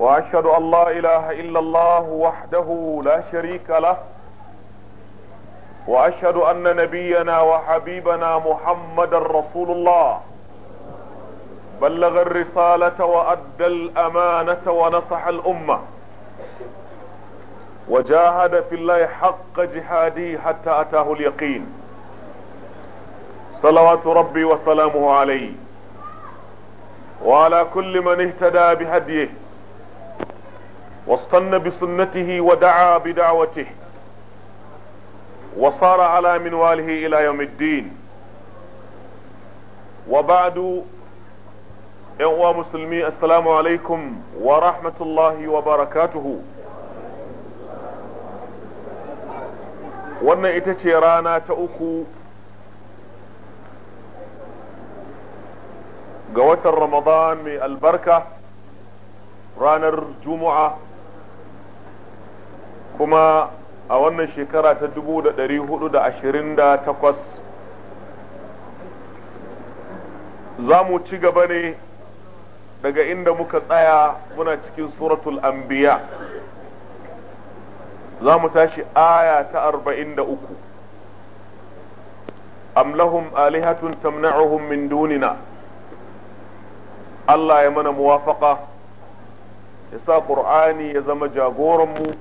واشهد ان لا اله الا الله وحده لا شريك له واشهد ان نبينا وحبيبنا محمدا رسول الله بلغ الرساله وادى الامانه ونصح الامه وجاهد في الله حق جهاده حتى اتاه اليقين صلوات ربي وسلامه عليه وعلى كل من اهتدى بهديه واصطن بسنته ودعا بدعوته وصار على منواله الى يوم الدين وبعد اخوة مسلمي السلام عليكم ورحمة الله وبركاته وانا ita تأكو قوة ta من البركة رانر جمعة kuma a wannan shekara ta dubu da hudu ashirin 1428 za mu ci gaba ne daga inda muka tsaya muna cikin suratul anbiya za mu tashi aya ta arba'in 43 am lahum alihatun tamna'uhum min dunina Allah ya mana muwafaka ya sa ƙur'ani ya zama jagoranmu mu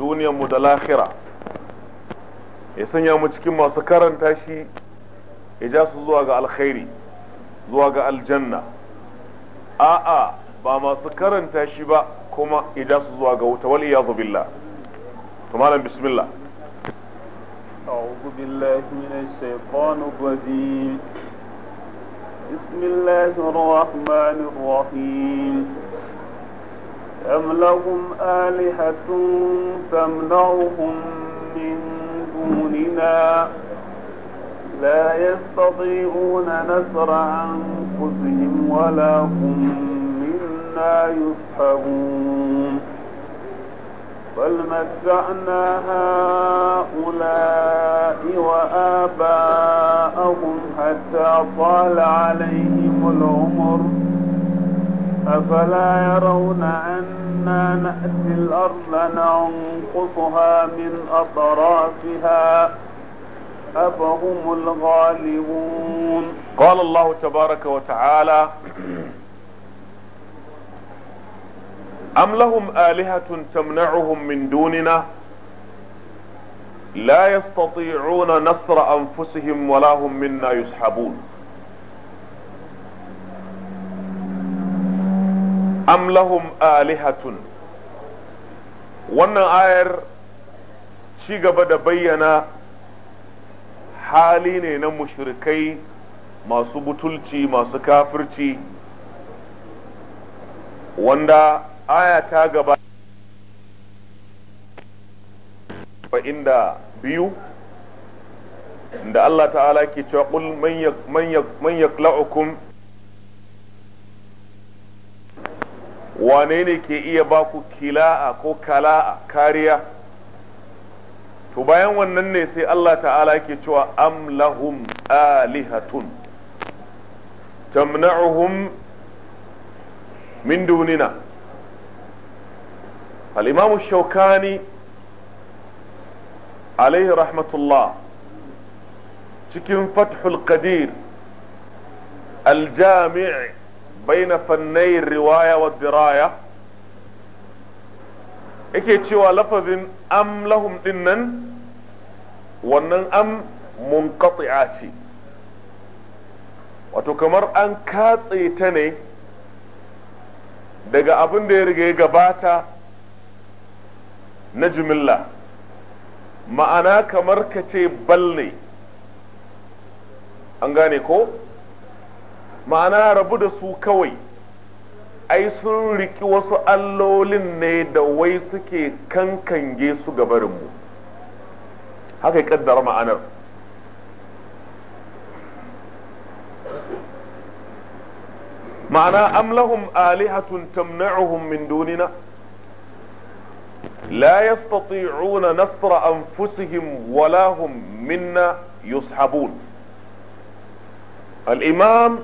duniyar mu da lahira ya sanya mu cikin masu karanta shi ya ja su zuwa ga alkhairi zuwa ga aljanna a'a ba masu karanta shi ba kuma ya ja su zuwa ga wuta wal iyadu billah to malam bismillah أعوذ بالله من الشيطان الرجيم بسم الله الرحمن الرحيم أم لهم آلهة تمنعهم من دوننا لا يستطيعون نصر أنفسهم ولا هم منا يصحبون بل متعنا هؤلاء وآباءهم حتى طال عليهم العمر أفلا يرون أنا نأتي الأرض ننقصها من أطرافها أفهم الغالبون قال الله تبارك وتعالى أم لهم آلهة تمنعهم من دوننا لا يستطيعون نصر أنفسهم ولا هم منا يسحبون am lahum alihatun wannan ayar ci gaba da bayyana hali ne na mushrikai masu butulci masu kafirci wanda aya ta gaba inda biyu da Allah ta'ala ke cewa qul man yakla'ukum wane ne ke iya ba ku kila'a ko kala'a kariya to bayan wannan ne sai Allah ta'ala ke cewa am lahum alihatun tamna'uhum min dunina al-imam shaukani alaihi rahmatullah cikin fathul qadir al-jami' baina fannai riwaya wa yake cewa lafazin am lahum dinnan wannan am munqati'a ce wato kamar an katse ta ne daga abin da ya riga ya gabata na jimilla ma'ana kamar ka ce bal ne an gane ko ma'ana rabu da su kawai ai sun riki wasu allolin ne da wai suke kankange su ga barinmu haka ya kaddara ma'anar ma'ana amlahum alihatun tamna'uhum min dunina لا يستطيعون نصر أنفسهم ولا هم منا يصحبون الإمام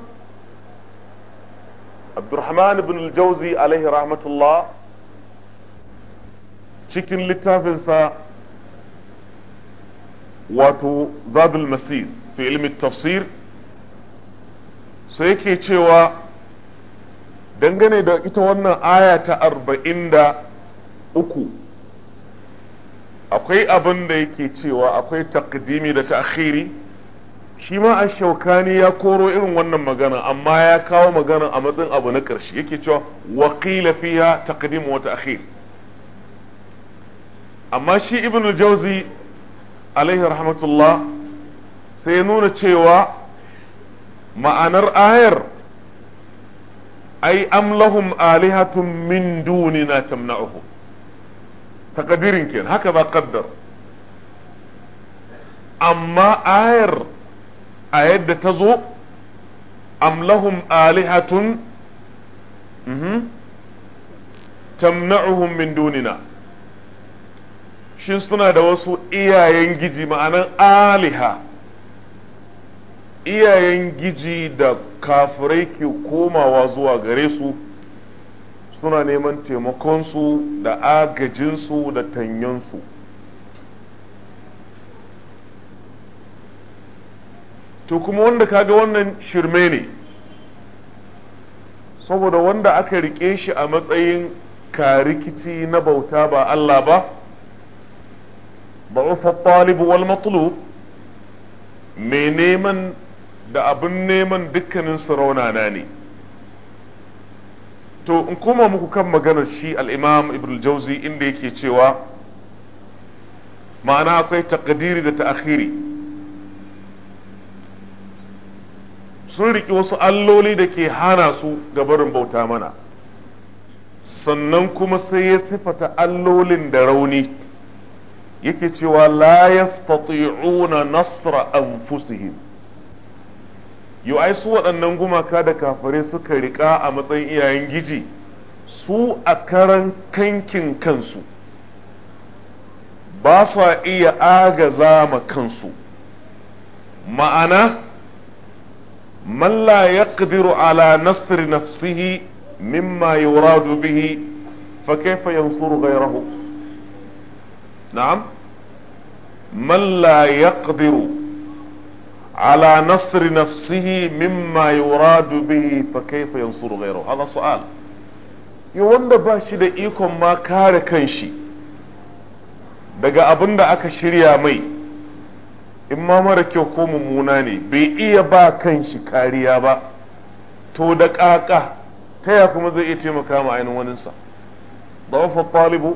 Abdurrahman bin Jauzi alaihi rahmatullah cikin littafinsa wato Zadul Masir fi ilmi tafsir sai yake cewa dangane da ita wannan aya ta arba'in da uku akwai abin da yake cewa akwai takdimi da ta'khiri shi ma ashaukani ya koro irin wannan magana amma ya kawo magana a matsayin abu na ƙarshe yake cewa waƙila fiha taqdim wa ta'khir amma shi ibnu jauzi alaihi rahmatullah sai nuna cewa ma'anar ayar ai am lahum alihatun min dunina tamna'uhum taqdirin kenan haka za qaddar amma ayar a yadda ta zo amlahum alihatun mhm, tamna'uhum min dunina shin suna da wasu iyayen giji ma'anan aliha iyayen giji da kafirai ke komawa zuwa gare su suna neman taimakonsu da agajinsu da tanyansu to kuma wanda kaga wannan shirme ne saboda wanda aka rike shi a matsayin karikici na bauta ba Allah ba ba'ufa talib wal matlub mai neman da abin neman dukkanin na ne to in koma muku kan maganar shi al-imam jauzi inda yake cewa ma'ana akwai takadiri da ta'akhiri sun riƙe wasu alloli da ke hana su ga barin bauta mana sannan kuma sai ya sifata allolin da rauni yake cewa la yastati'una nasra anfusihim yau ai su waɗannan gumaka da kafare suka riƙa a matsayin iyayen giji su a karan kankin kansu ba sa iya agaza ma kansu ma'ana man la yaqdiru ala nasri nafsihi mimma yuradu bihi fa kaifa yansuru ghayrahu na'am man la على نصر نفسه مما يراد به فكيف ينصر غيره هذا سؤال wanda ba shi da ikon ma kare kanshi daga abin da aka shirya mai in ma mara kyau ko mummuna ne bai iya ba kan shi kariya ba to da ƙaƙa ta ya kuma zai iya taimaka ma ainihin waninsa ضعف الطالب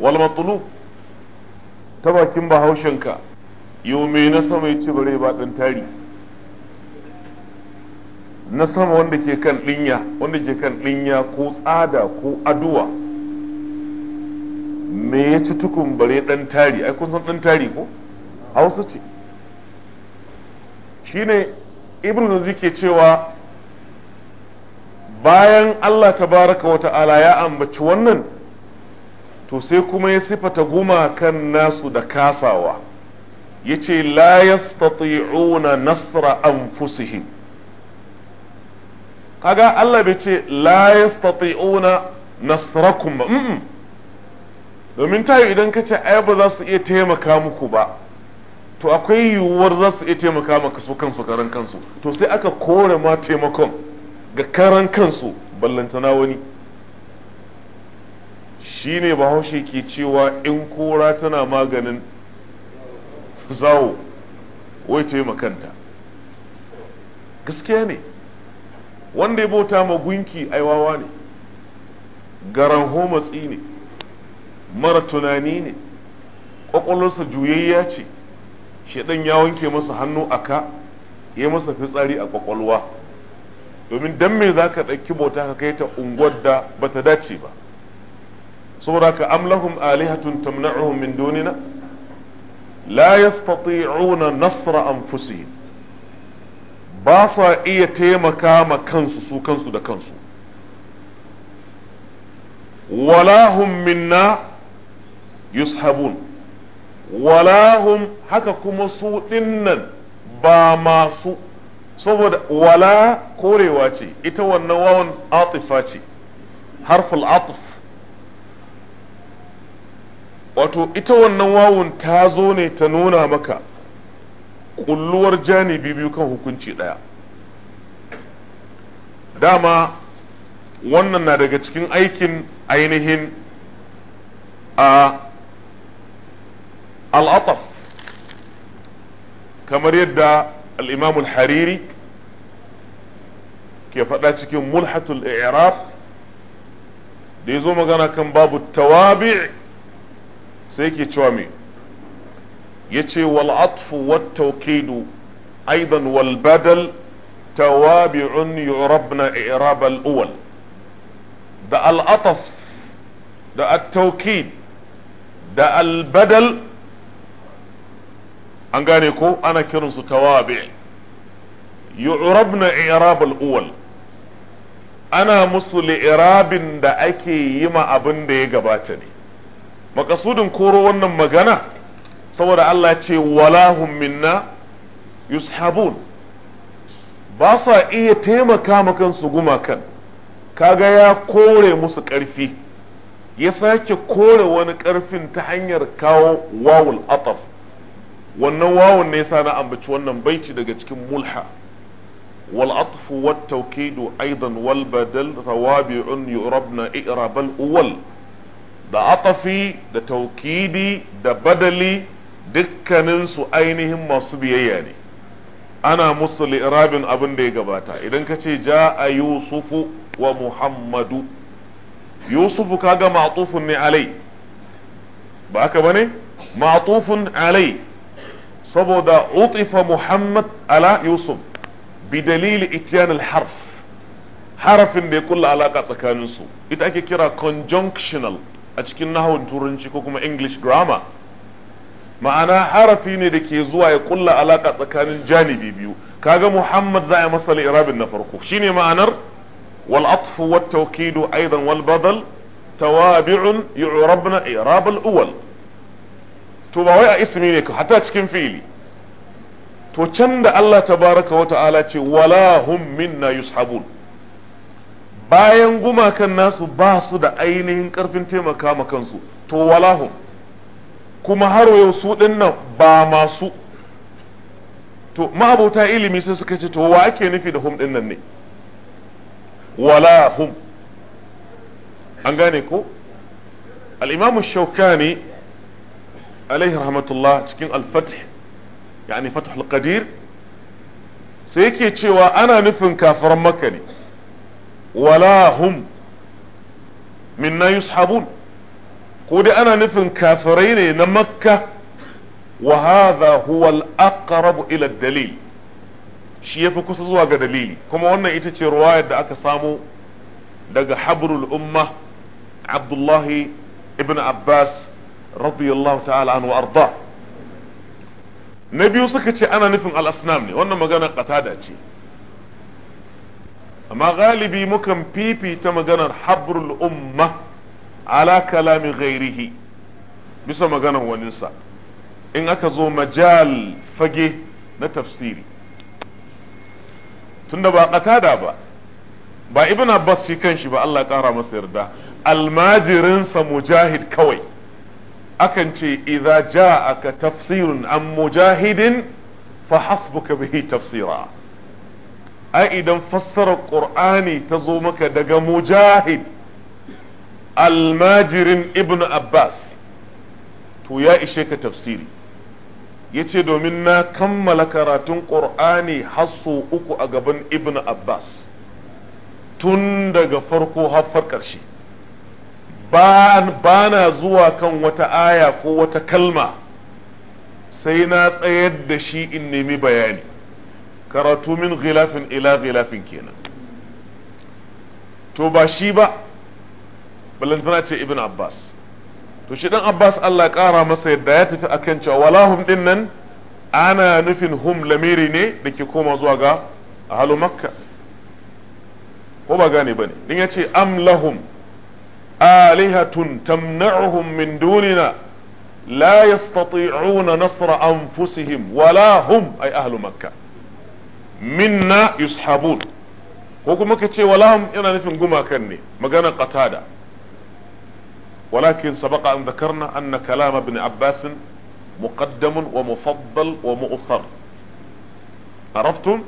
والمطلوب ta bakin ka. yau mai na sama ya ci bare ba ɗan tari na sama wanda ke kan ɗinya wanda ke kan ɗinya ko tsada ko aduwa me ya ci tukun bare ɗan tari ai kun san ɗan tari ko hausa ce shine ibn nuzi ke cewa bayan Allah tabaraka wa ta'ala ya ambaci wannan to sai kuma ya sifata gumakan nasu da kasawa ya ce la yastati'una nasra anfusihim kaga Allah bai ce la yastati'una nasrakum ba domin tayo idan ka ce ai ba za su iya taimaka muku ba to akwai yiwuwar za su iya taimaka maka su kansu karan kansu to sai aka kore ma taimakon ga karan kansu ballantana wani shi ne bahaushe ke cewa in kora tana maganin zawo wai taimakanta gaskiya ne wanda ya bauta ma gunki aiwawa ne garan homatsi ne mara tunani ne ƙwaƙwalwarsa juyayya ce shedan ya wanke masa hannu a ka ya masa fitsari a kwakwalwa domin dan me za ka ɗauki bauta ka kai ta unguwar da ba ta dace ba saboda ka amlahum alihatun tamna'uhum min dunina la yastati'una nasra anfusihim ba sa iya taimaka ma kansu su kansu da kansu wala hum minna yushabun walahum haka kuma su dinnan ba masu saboda wala korewa ce ita wannan wawan atifa ce harful atif wato ita wannan wawun ta zo ne ta nuna maka kulluwar janibi biyu kan hukunci ɗaya dama wannan na daga cikin aikin ainihin a al'ataf kamar yadda al'imamul hariri ke faɗa cikin mulhatul i'rab da ya zo magana kan babu tawabi sai ke cewa me ya ce wal'atfu wattaukidu aidan walbadal tawabi'un yu'rabna i'rab al'uwal da al'ataf da at da albadal an gane ko ana kiransu tawabi yu'rabna i'rab al-awwal ana musu li'irabin da ake yi ma abin da ya gabata ne makasudin koro wannan magana saboda Allah ce walahum minna yushabun ba sa iya taimaka ma kansu gumakan kaga ya kore musu ƙarfi ya sake kore wani ƙarfin ta hanyar kawo wawul ataf wannan wawon ne yasa na ambaci wannan baiti daga cikin mulha wal atfu wat tawkidu aidan wal badal rawabi'un yurabna i'rabal uwal da atafi da taukidi da badali dukkaninsu ainihin masu biyayya ne ana musu lirabin abin da ya gabata idan ka ce ja a yusufu wa muhammadu yusufu kaga ma'tufun ne alai ba haka bane ma'tufun alai saboda utifa muhammad ala yusuf bi dalili ityan harf harafin da ya kulla alaka tsakanin su ita ake kira conjunctional a cikin nahawun turanci ko kuma english grammar ma'ana harafi ne da ke zuwa ya kulla alaka tsakanin janibi biyu kaga muhammad za a masa irabin na farko shine ma'anar wal atfu wat tawkidu aidan wal badal tawabi'un yu'rabna irab al awwal to ba wai a ismi ne ka hata cikin fili. to can da Allah tabaraka wa ta'ala ce wala hum minna yushabun bayan gumakan nasu ba su da ainihin karfin taimaka ma kansu to wala hum kuma har yau su dinnan ba masu to ma'abota ilimi sai suka ce to wa ake nufi da hum dinnan ne wala hum an gane ko al-imam shawkani alaihi rahmatullah cikin alfatih yani fathul qadir sai yake cewa ana nufin kafiran makka ne walahum minna yushabun ko dai ana nufin kafirai ne na makka wa hadha huwa al-aqrab ila dalil shi yafi kusa zuwa ga dalili kuma wannan ita ce ruwayar da aka samu daga habrul umma abdullahi ibn abbas radiyallahu ta'ala anhu arda na biyu suka ce ana nufin al-asnam ne wannan magana qatada ce amma galibi mukan fifita maganar habrul umma ala kalami ghairihi bisa maganar waninsa in aka zo majal fage na tafsiri tunda ba qatada ba ba ibn abbas shi kanshi ba Allah ya kara masa yarda almajirinsa mujahid kawai akan ce idza ja'aka tafsirun an mujahidin fa hasbuka bihi tafsira ai idan fassarar qur'ani ta zo maka daga mujahid almajirin ibnu abbas to ya ishe ka tafsiri yace domin na kammala karatun qur'ani hasso uku a gaban ibnu abbas tun daga farko har ƙarshe ba na zuwa kan wata aya ko wata kalma sai na tsayar da shi in nemi bayani karatu min gilafin ila ghilafin kenan to ba shi ba balantana ce ibn abbas to shi dan abbas allah kara masa yadda ya tafi akan cewa walahum din nan ana nufin hum lamiri ne da ke koma zuwa ga ahalu makka ko ba gane ba ne din ya ce am lahum آلهة تمنعهم من دوننا لا يستطيعون نصر أنفسهم ولا هم أي أهل مكة منا يسحبون ko kuma ka ce walahum yana nufin gumakan ne maganar qatada walakin sabaqa an dhakarna anna kalam ibn abbas muqaddam wa mufaddal wa mu'thar araftum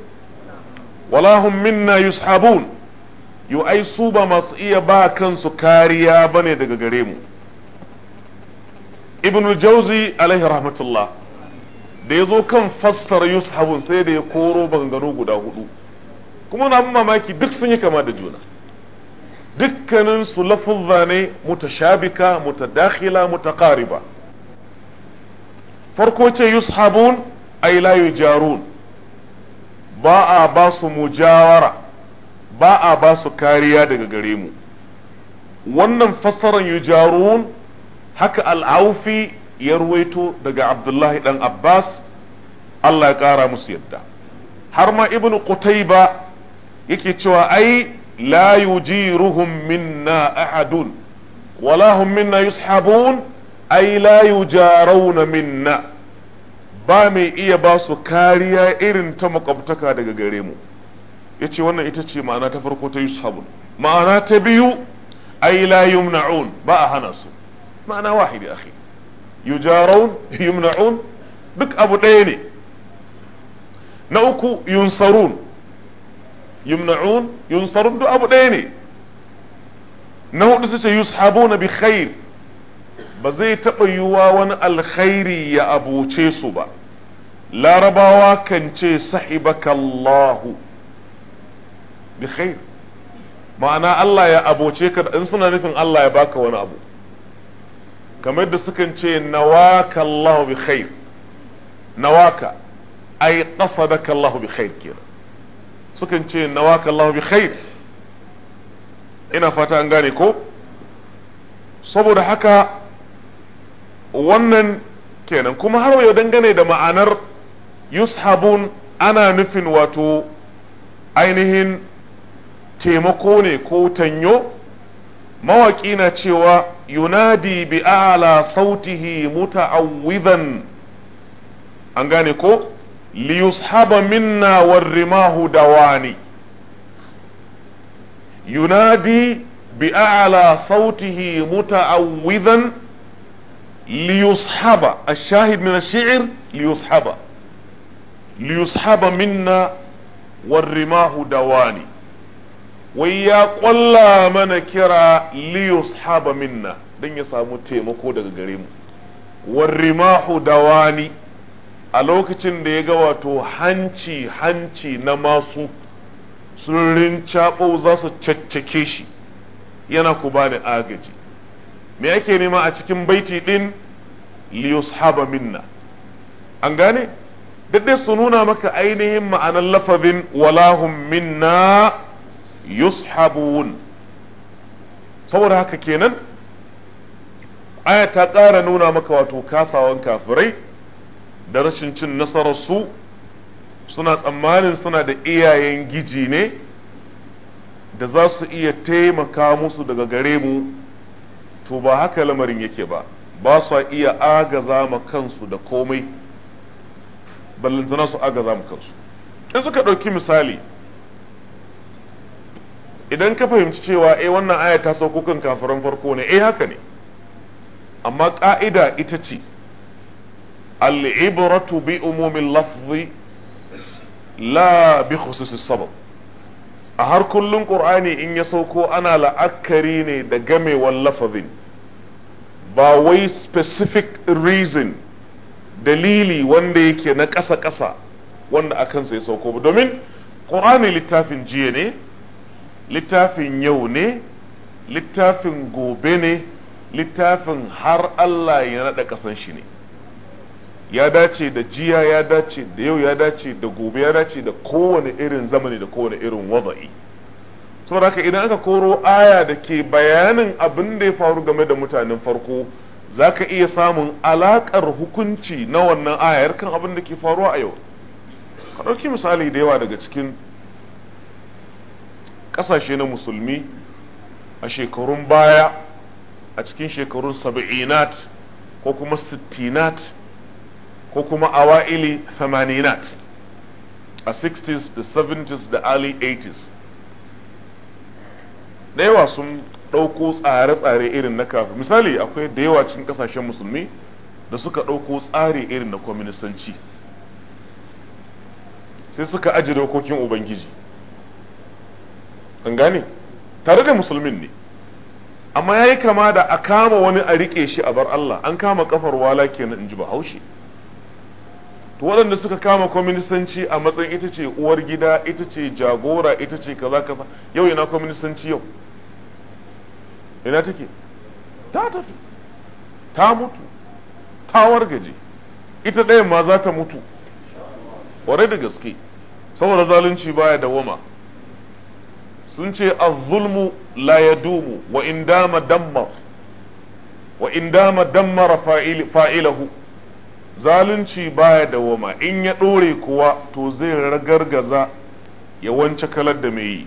walahum minna yushabun yo ai su ba masu iya ba kansu kariya bane daga gare mu ibn jauzi alaihi rahmatullah da ya zo kan fassara yushabun sai da ya koro bangano guda hudu kuma na mamaki duk sun yi kama da juna dukkanin su lafuzza ne mutashabika mutadakhila mutaqariba farko ce yushabun ay la yujarun ba a ba su mujawara ba a ba su kariya daga gare mu wannan fassarar yujarun haka al'aufi ya ruwaito daga abdullahi dan abbas allah ya kara musu yadda har ma ibnu qutayba yake cewa ai la yujiruhum minna ahadun wala hum minna yushabun ai la yujarawna minna ba mai iya ba su kariya irin ta makwabtaka daga gare mu yace wannan ita ce ma'ana ta farko ta yushabun ma'ana ta biyu ay la yumna'un ba a hana su ma'ana wahidi akhi yujarun yumna'un duk abu ɗaya ne na uku yunsarun yumna'un yunsarun duk abu ɗaya ne na hudu su ce yushabuna bi khair ba zai taɓa yiwuwa wani alkhairi ya abuce su ba larabawa kan ce sahibakallahu bi khair ma'ana Allah ya aboce ka in suna nufin Allah ya baka wani abu kamar da sukan ce nawaka Allah bi khair nawaka ai qasadaka Allah bi khair kenan sukan ce nawaka Allah bi khair ina fata an gane ko saboda haka wannan kenan kuma har yau dangane da ma'anar yushabun ana nufin wato ainihin taimako ne ko tanyo mawaƙi na cewa yunadi bi ala sautihi muta'awwidan an gane ko liyushaba minna warrimahu dawani yunadi bi ala sautihi muta'awwidan liyushaba الشاهد من الشعر ليصحب minna منا والرماه dawani wai ya ƙwalla mana kira liyus haba minna don ya samu taimako daga gare mu warrimahu dawani a lokacin da ya ga wato hanci hanci na masu sun rincaɓo za su caccake shi yana ku bani agaji me ake nema a cikin baiti ɗin liyus haba minna an gane daddai su nuna maka ainihin ma'anar lafazin walahum minna yushabun saboda haka kenan aya ta ƙara nuna maka wato kasawan kafirai da rashin cin nasararsu suna tsammanin suna da iyayen giji ne da za su iya taimaka musu daga gare mu to ba haka lamarin yake ba ba su iya agaza ma kansu da komai ballantana su agaza ma kansu in suka ɗauki misali idan ka fahimci cewa eh wannan aya ta sauko kan kafiran farko ne eh haka ne amma ƙa'ida ita ce al'ibratu bi umumin lafzi la bi khususi sabab a har kullun qurani in ya sauko ana la'akari ne da gamewan lafazin ba wai specific reason dalili wanda yake na ƙasa-ƙasa wanda a kansa ya sauko ba domin ƙur'ani littafin jiya ne littafin yau ne littafin gobe ne littafin har Allah ya naɗa ƙasan shi ne ya dace da jiya ya dace da yau ya dace da gobe ya dace da kowane irin zamani da kowane irin wada'i saboda haka idan aka koro aya da ke bayanin abin da ya faru game da mutanen farko za ka iya samun alaƙar hukunci na wannan aya kan abin da ke faruwa a yau ka ɗauki misali da yawa daga cikin ƙasashe na musulmi a shekarun baya a cikin shekarun saba'inat ko kuma sittinat ko kuma awa'ili thamaninat a 60s da 70s da early 80s da yawa sun ɗauko tsare-tsare irin na kafin misali akwai da yawa cikin ƙasashen musulmi da suka ɗauko tsari irin na kwaminisanci sai suka aji dokokin ubangiji an gane tare da musulmin ne amma yayi kama da a kama wani a rike shi a bar Allah an kama kafar wala kenan in ji bahaushe to waɗanda suka kama kwaminisanci a matsayin ita ce uwar gida ita ce jagora ita ce kaza kaza yau ina kwaminisanci yau ina take ta tafi ta mutu ta wargaje ita ɗayan ma za ta mutu ƙwarai da gaske saboda zalunci baya dawwama sun ce az-zulmu la yadumu wa in dama dammar wa in fa'ilahu zalunci baya da wama in ya ɗore kuwa to zai ragargaza ya wance kalar da mai yi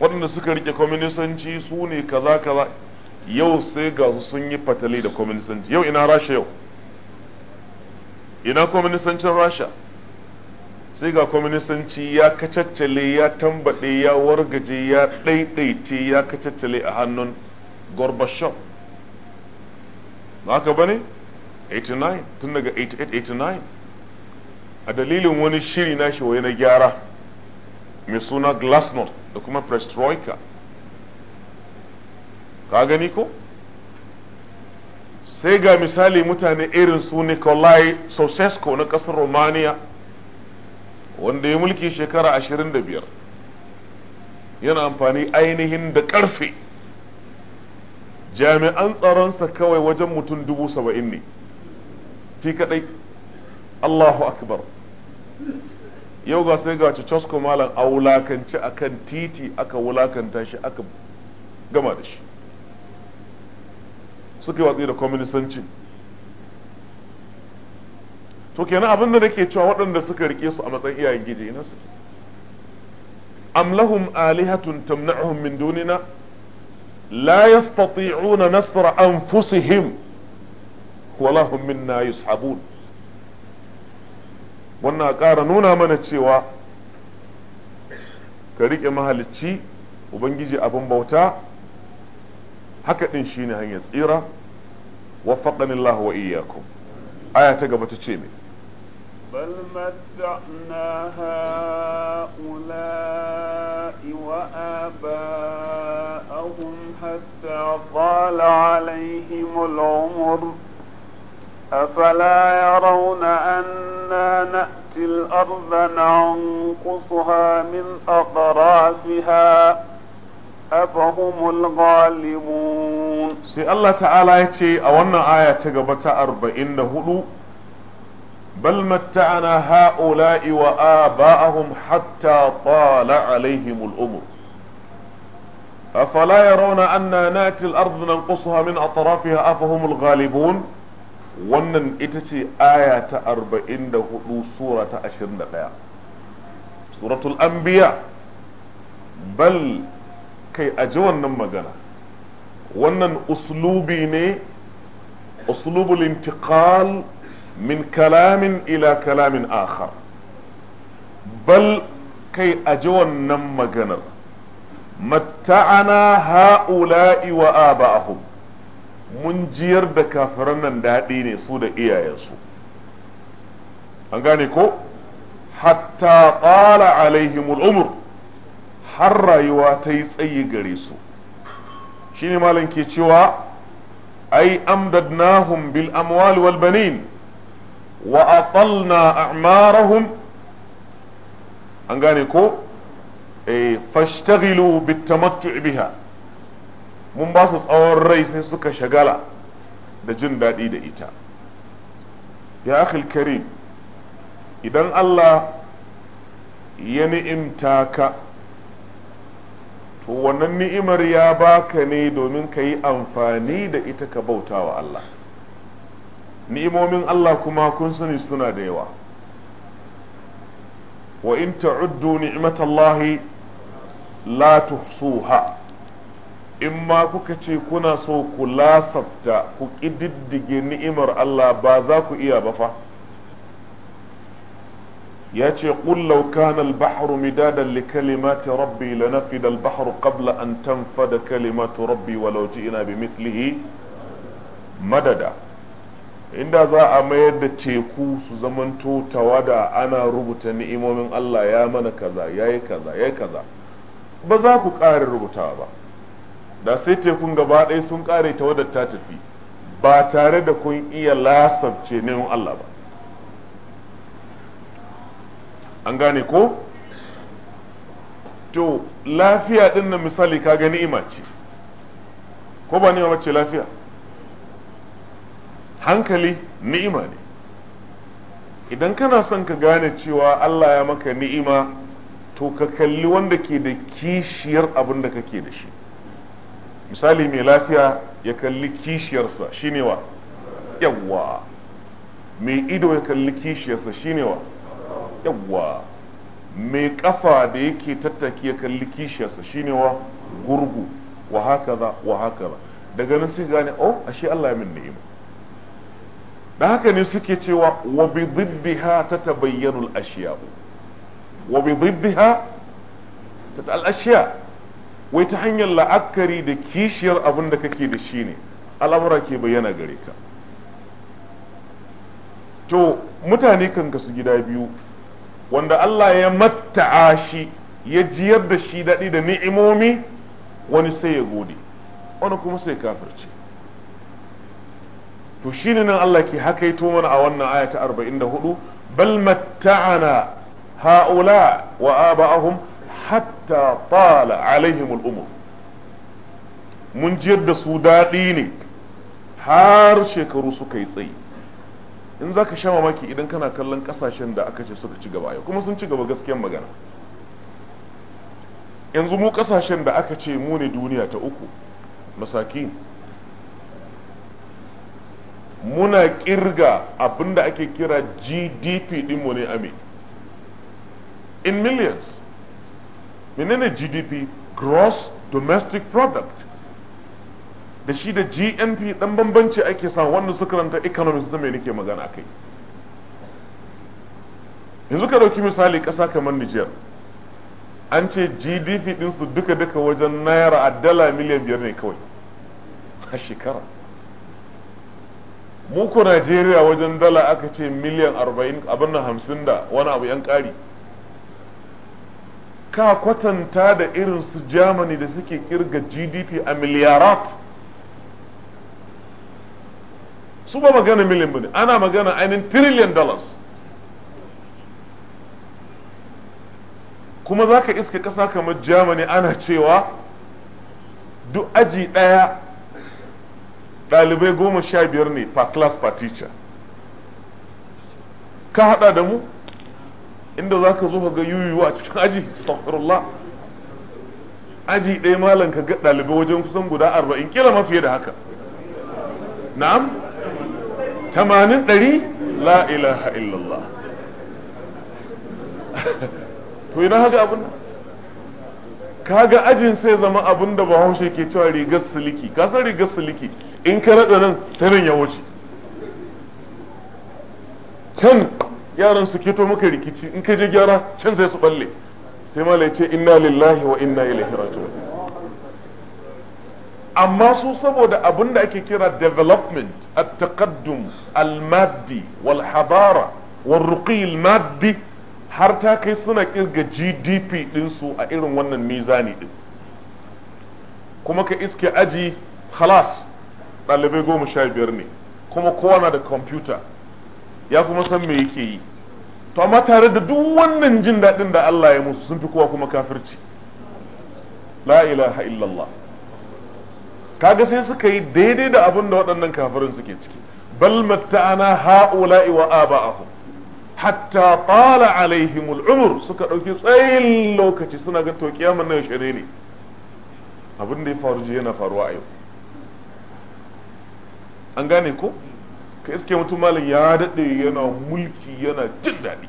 waɗanda suka rike kwaminisanci su ne kaza kaza yau sai ga su sun yi fatali da kwaminisanci yau ina rasha yau ina kwaminisancin rasha sai ga kwaminisanci ya kacaccale ya tambaɗe ya wargaje ya ɗaiɗaice ya kacaccale a hannun ba haka ba ne 89 tun daga 88-89 a dalilin wani shiri na shi na gyara mai suna glasnost da kuma perestroika ka gani ko sai ga misali mutane irin su nikolai sosesco na ƙasar romania wanda ya mulki shekara ashirin da biyar yana amfani ainihin da karfe jami'an tsaronsa kawai wajen mutum dubu saba'in ne fi kaɗai allahu akbar yau ga sai ga cicosko malam a wulakanci a kan titi aka wulakanta shi aka gama da shi suka yi watsi da kwaminisancin to kenan abin da nake cewa waɗanda suka rike su a matsayin iyayen giji ina su am lahum alihatun tamna'uhum min dunina la yastati'una nasra anfusihim wa lahum minna yushabun wannan ƙara nuna mana cewa ka riƙe mahalicci ubangiji abin bauta haka ɗin shine hanyar tsira waffaqani Allah wa iyyakum aya ta gaba ta ce mai بل متعنا هؤلاء وآباءهم حتى طال عليهم العمر أفلا يرون أنا نأتي الأرض ننقصها من أطرافها أفهم الغالبون سي الله تعالى يتي أولنا آية تقبت أربعين هلو بل متعنا هؤلاء وآباءهم حتى طال عليهم الأمر أفلا يرون أن نأتي الأرض ننقصها من أطرافها أفهم الغالبون wannan ita ce aya ta arba'in da hudu sura ta ashirin da suratul anbiya bal kai aji wannan magana wannan uslubi ne uslubul intiqal min kalamin ila kalamin akhar bal kai a ji nan maganar matta'ana ha'ula'i wa aba'ahum mun jiyar da kafiran nan daɗi ne su da iyayensu an gane ko hatta ƙala alaihimul umur har rayuwa ta yi tsayi gare su shine malam ke cewa ai amdadnahum bil amwal wal banin wa atalna a'marahum an gane ko eh fashtaghilu bitamattu biha mun basu tsawon rai sai suka shagala da jin daɗi da ita ya akhil idan Allah ya ni'imta ka to wannan ni'imar ya baka ne domin ka yi amfani da ita ka bauta wa Allah ni'imomin Allah kuma kun sani suna da yawa wa in ta'uddu ni'matallahi la tuhsuha in ma kuka ce kuna so ku lasafta ku ƙididdige ni'imar Allah ba za ku iya ba fa ya ce ƙullau kana al-bahru midadan li kalimati rabbi lanafida al-bahru qabla an tanfada kalimatu rabbi walau ina bi madada inda za a mayar da teku su zamanto tawada ana rubuta ni'imomin Allah ya mana kaza ya yi kaza ya yi kaza ba za ku ƙara rubutawa ba da sai tekun gaba ɗaya sun ƙare tawadar ta tafi ba tare da kun iya lasabce neman Allah ba an gane ko to lafiya ɗin na misali ka ga ni'ima ce ko ba ni'ima ce lafiya hankali ni'ima ne idan kana son ka gane cewa Allah ya maka ni'ima to ka kalli wanda ke da kishiyar abin da kake da shi misali mai lafiya ya kalli kishiyarsa shine wa yawwa mai ido ya kalli kishiyarsa shine wa yawwa mai kafa da yake tattaki ya kalli kishiyarsa shine wa gurgu wa haka za wa haka za daga nan sai gane oh ashe Allah ya min ni'ima da haka ne suke cewa wa bi diddiha tatabayyanu al-ashiya wa bi diddiha al-ashiya wai ta hanyar la'akari da kishiyar abin da kake da shi ne al'amura ke bayyana gare ka to mutane kan kasu gida biyu wanda Allah ya matta'a shi ya jiyar da shi daɗi da ni'imomi wani sai ya gode wani kuma sai kafirce to shi ne nan Allah ke hakaito mana a wannan aya ta 44 bal matta'ana haula wa aba'ahum hatta tala alaihim al'umur mun jiyar da su daɗi ne har shekaru suka yi tsayi in za ka sha mamaki idan kana kallon ƙasashen da aka ce suka ci gaba yau kuma sun ci gaba gaskiyan magana yanzu mu ƙasashen da aka ce mu ne duniya ta uku masakin muna kirga abinda ake kira GDP dinmu ne ame in millions menene GDP gross domestic product da shi da GNP dan bambanci ake samu wanda suka ranta economics zama nake magana kai yanzu ka dauki misali ƙasa kamar Niger an ce GDP ɗinsu duka-duka wajen naira a dala miliyan biyar ne kawai a shekara muku najeriya wajen dala aka ce miliyan arba'in abin na hamsin da wani abu yan ƙari ka kwatanta da irin su germany da suke kirga gdp a miliyarat su ba magana miliyan bane ana magana ainihin trillion dollars kuma za ka iska ƙasa kamar germany ana cewa duk aji ɗaya ɗalibai goma sha biyar ne per class per teacher ka haɗa da mu inda za ka zo ka ga yuyuwa a cikin aji astaghfirullah aji ɗaya malam ka ga ɗalibai wajen kusan guda arba'in kila ma fiye da haka na'am tamanin ɗari la ilaha illallah to idan haka abin ka ga ajin sai zama abin da bahaushe ke cewa rigar siliki ka san rigar siliki in ka raɗa nan sai nan ya wuce can yaran su keto maka rikici in ka je gyara can sai su balle sai malai ce inna lillahi wa inna ilaihi raji'un amma su saboda abin da ake kira development at-taqaddum al-maddi wal habara wal ruqi al-maddi har ta kai suna kirga GDP ɗinsu a irin wannan mizani din kuma ka iske aji khalas ɗalibai goma sha biyar ne kuma kowane da kwamfuta ya kuma san me yake yi to amma tare da duk wannan jin daɗin da Allah ya musu sun fi kowa kuma kafirci la ilaha illallah kaga sai suka yi daidai da abin da waɗannan kafirin suke ciki bal matta'ana ha'ula'i wa aba'ahum hatta qala alaihim umr suka ɗauki tsayin lokaci suna ga to kiyaman nan abin da ya faru jiya yana faruwa a yau an gane ko ka iske mutum malam ya daɗe yana mulki yana jin daɗi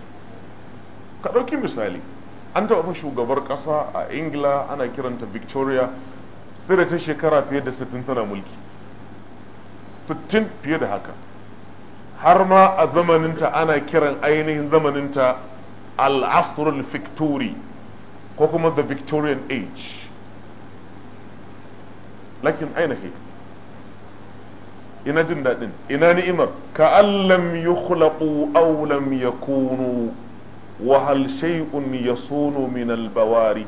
ka ɗauki misali an taɓa fa shugabar ƙasa a ingila ana kiranta victoria tsira ta shekara fiye da sittin tana mulki sittin fiye da haka har ma a zamaninta ana kiran ainihin zamaninta al-asrul victory ko kuma the victorian age lakin aina ainihin ina jin daɗin ina ni'imar ka allam yukhlaqu aw lam yakunu wa wahal shay'un yasunu min al bawari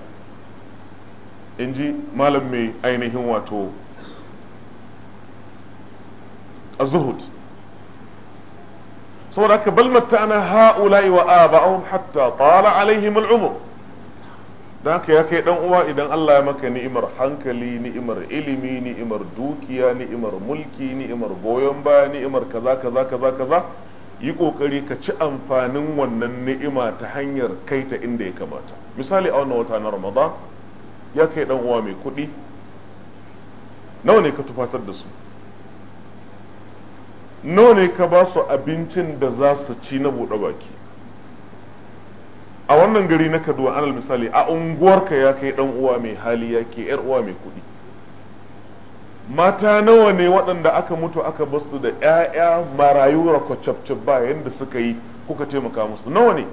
inji malam mai ainihin wato azuhud zuhud saboda haka bal matta'na ha'ula'i wa aba'ahum hatta tala alaihim al don haka ya kai dan uwa idan Allah ya maka ni'imar hankali ni'imar ilimi ni'imar dukiya ni'imar mulki ni'imar goyon baya ni'imar kaza kaza kaza kaza yi kokari ka ci amfanin wannan ni'ima ta hanyar kai ta inda ya kamata misali a wannan wata na Ramadan ya kai dan uwa mai kuɗi nawa ne ka tufatar da su nawa ne ka ba su abincin da za su ci na buɗe baki a wannan gari na Kaduna alal misali a unguwarka ya kai dan uwa mai hali ya ke yar uwa mai kuɗi mata nawa ne waɗanda aka mutu aka basu da ƴaƴa marayu rakwacabcab ba yadda suka yi kuka taimaka musu nawa ne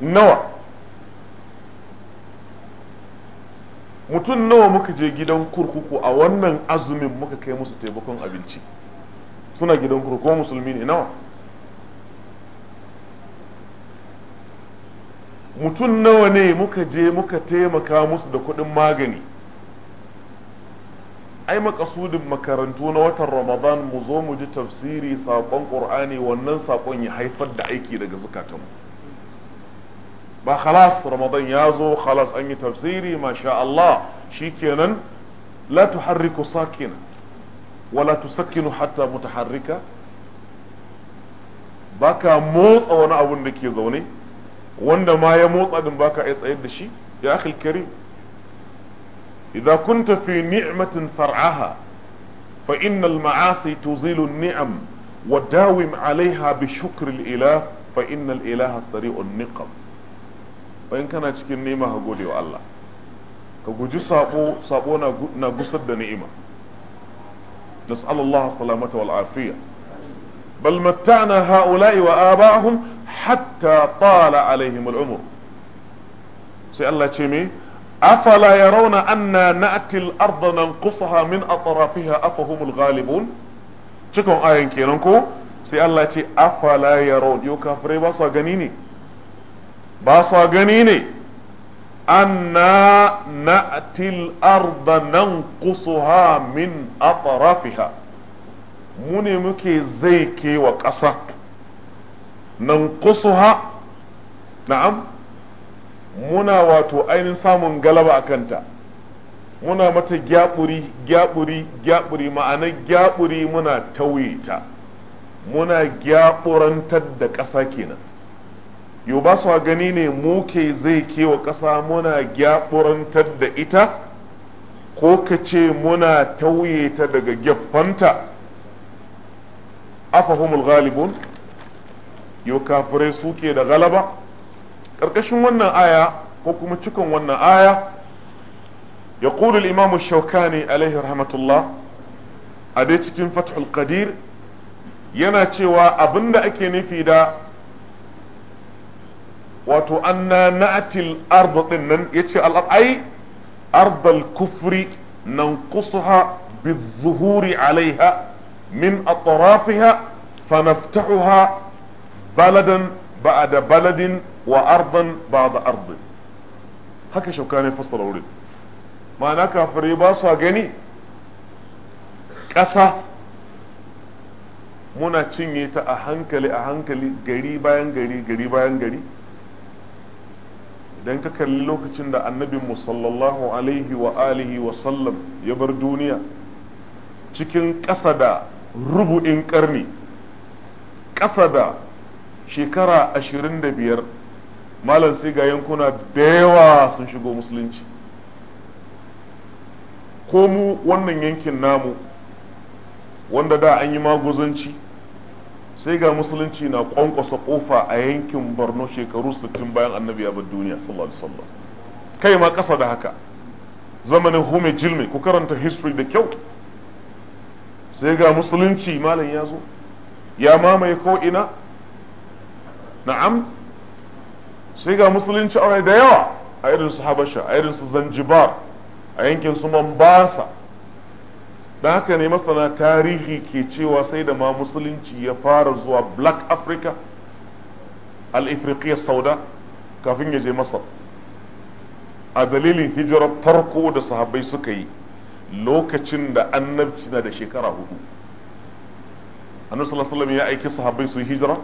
nawa mutum nawa muka je gidan kurkuku a wannan azumin muka kai musu taimakon abinci suna gidan kurkuku musulmi ne nawa mutum nawa ne muka je muka taimaka musu da kuɗin magani ai makasudin makarantu na watan ramadan mu zo mu ji tafsiri saƙon ƙur'ani wannan saƙon ya haifar da aiki daga zukatanmu ba khalas ramadan ya zo khalas an yi tafsiri masha Allah shikenan la tuharriku sakina wala tusakkinu hatta mutaharrika baka motsa wani abun da ke zaune wanda ma ya motsa din baka iya tsayar da shi ya akhil karim idza kunta fi ni'matin far'aha fa innal ma'asi tuzilu ni'am wa dawim 'alayha bi shukri al-ilah fa innal ilaha sari'un niqam bayan kana cikin ni'ima ka gode wa Allah ka guji sabo sabo na gusar da ni'ima nas'alullaha salamata wal afiya bal matta'na ha'ula'i wa aba'ahum hatta tala alaihim al'umur sai Allah ce me afala yarawna anna na'ti al-ardha nanqusaha min atrafiha afahum al-ghalibun cikon ayan kenan ko sai Allah ce afala yarawna yau kafirai ba sa gani ne ba anna na'ti al-ardha min atrafiha mu ne muke zai kewa ƙasa nan kusuha na'am muna wato ainihin samun galaba a kanta muna mata gyaɓuri gyaburi gyaburi ma'ana gyaɓuri muna tauyeta. muna gyaɓurantar da ƙasa kenan yau ba su gani ne muke zai kewa ƙasa muna gyaɓurantar da ita ko ka ce muna tauye ta daga gyaffanta afahumul ghalibun yo kafirai suke da galaba ƙarƙashin wannan aya ko kuma cikon wannan aya ya ƙudu imamu shaukani alaihi rahmatullah a dai cikin fathul qadir yana cewa abinda ake nufi da wato anna na'atil ard din nan yace al-ai ardal kufri nanqusuha bizuhuri alaiha min atrafiha fanaftahuha baladan da baladin wa ardan ba'da ardin haka shauka ne fassara wurin ma'ana kafirai ba sa gani ƙasa muna cinye ta a hankali a gari bayan gari gari bayan gari idan ka kalli lokacin da annabinmu sallallahu alaihi wa alihi wa sallam ya bar duniya cikin ƙasa da rubu'in ƙarni ƙasa da shekara ashirin da biyar malam sai ga yankuna da yawa sun shigo musulunci ko mu wannan yankin namu wanda da an yi maguzanci sai ga musulunci na ƙwanƙwasa ƙofa a yankin borno shekaru 60 bayan annabi ya bar duniya sallallahu alaihi kai ma ƙasa da haka zamanin Hume, jilme ku karanta history da kyau sai ga musulunci malam ya zo ya mamaye ko ina na'am sai ga musulunci aure da yawa a irin su habasha a irin su zanjibar a yankin su mombasa da haka ne masana tarihi ke cewa sai da ma musulunci ya fara zuwa black africa al sauda kafin ya je masar a dalilin hijirar farko da sahabbai suka yi lokacin da annabci na da shekara hudu annabi sallallahu alaihi ya aiki sahabbai su hijira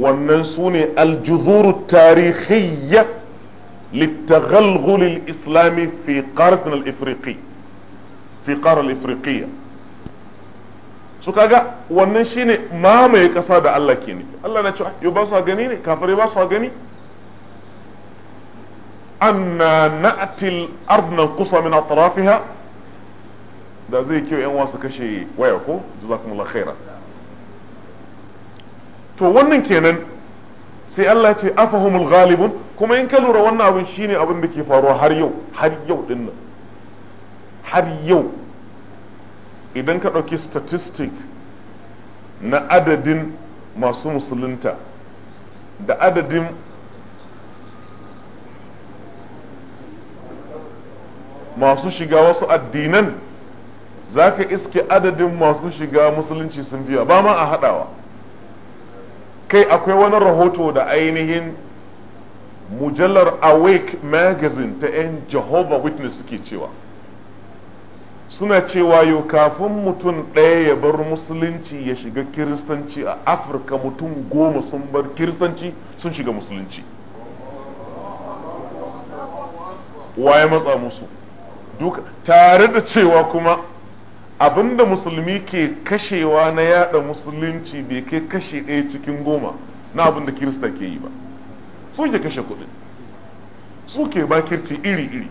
wannan su ne aljuzuru tarihiyya للتغلغل الإسلامي في قارتنا fi في قارة الإفريقية su kaga wannan shine mamaye kasa da Allah ke nufi Allah na cewa yau ba su gani ne kafare ba su gani anna na'til ardna qusa min atrafiha da zai kyau yan wasu kashe waya ko jazakumullahu khaira to wannan kenan sai Allah ce afahumul ghalibun kuma in ka lura wannan abin shine abin da ke faruwa har yau har yau din nan har yau idan ka ɗauki statistic na adadin masu musulunta da adadin masu shiga wasu addinan za ka iske adadin masu shiga musulunci sun biya ba ma a haɗawa kai akwai wani rahoto da ainihin mujallar awake magazine ta 'yan jehovah witness suke cewa suna cewa yau kafin mutum ɗaya ya bar musulunci ya shiga kiristanci a afirka mutum goma sun bar kiristanci sun shiga musulunci waye matsa musu duka tare da cewa kuma abinda musulmi ke kashewa na yada musulunci bai kai kashe ɗaya cikin goma na abinda kirista ke yi ba su ke kashe kuɗi su ke bakirci iri-iri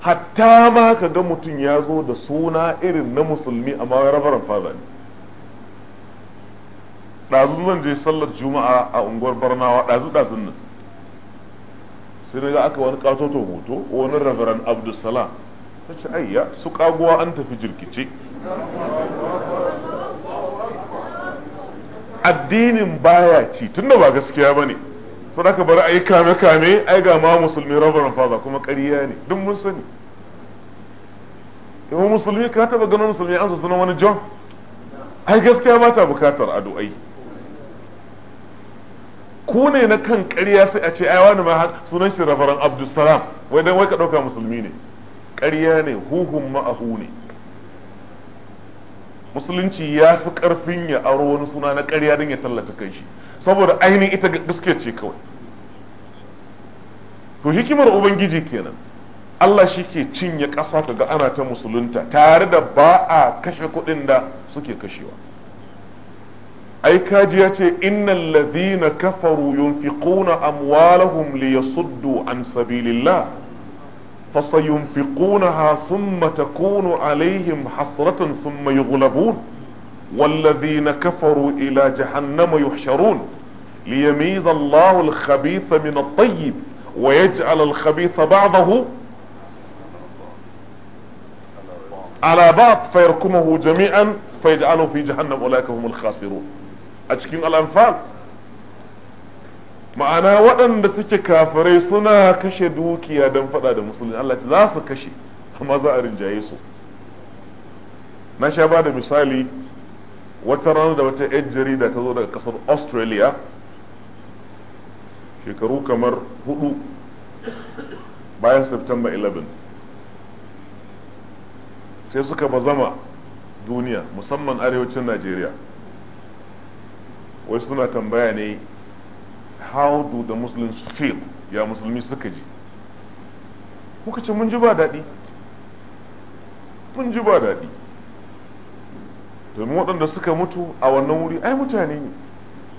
hatta ma ka ga mutum ya zo da suna irin na musulmi amma rabaran fada ne ɗazu zan je sallar juma'a a unguwar barnawa ɗazu ɗazun nan sai na ga aka wani ƙatoto hoto wani rabaran abdulsalam ta ce ayya su kaguwa an tafi jirkice addinin baya ci tunda ba gaskiya ba ne to da bari a yi kame-kame ai ga ma musulmi rabarin faza kuma ƙarya ne duk mun sani yawan musulmi ka taba ganin musulmi an sunan wani john ai gaskiya ba ta bukatar addu'ai ku ne na kan ƙarya sai a ce ai wani ma sunan shi rabarin abdulsalam wai dan wai ka ɗauka musulmi ne ƙarya ne huhun ma'ahu ne musulunci ya fi ƙarfin ya aro wani suna na ƙarya don ya tallata kai shi saboda ainihin ita gaske ce kawai to hikimar ubangiji kenan Allah shi ke cinye ƙasa ga ana ta musulunta tare da ba a kashe kuɗin da suke kashewa ai kaji ya ce innal ladhina kafaru yunfiquna amwalahum liyasuddu an sabilillah فسينفقونها ثم تكون عليهم حسرة ثم يغلبون والذين كفروا إلى جهنم يحشرون ليميز الله الخبيث من الطيب ويجعل الخبيث بعضه على بعض فيركمه جميعا فيجعله في جهنم أولئك هم الخاسرون أتشكين الأنفال ma'ana waɗanda suke kafirai suna kashe dukiya don faɗa da musulmi Allah ce za su kashe amma za a rinjaye su na sha ba da misali wata rana da wata yan jarida ta zo daga ƙasar australia shekaru kamar hudu bayan september 11 sai suka bazama duniya musamman arewacin nigeria wai suna tambaya ne how do the muslims feel ya musulmi suka ji muka ce mun ji ba daɗi mun ji ba daɗi domin waɗanda suka mutu a wannan wuri ai mutane ne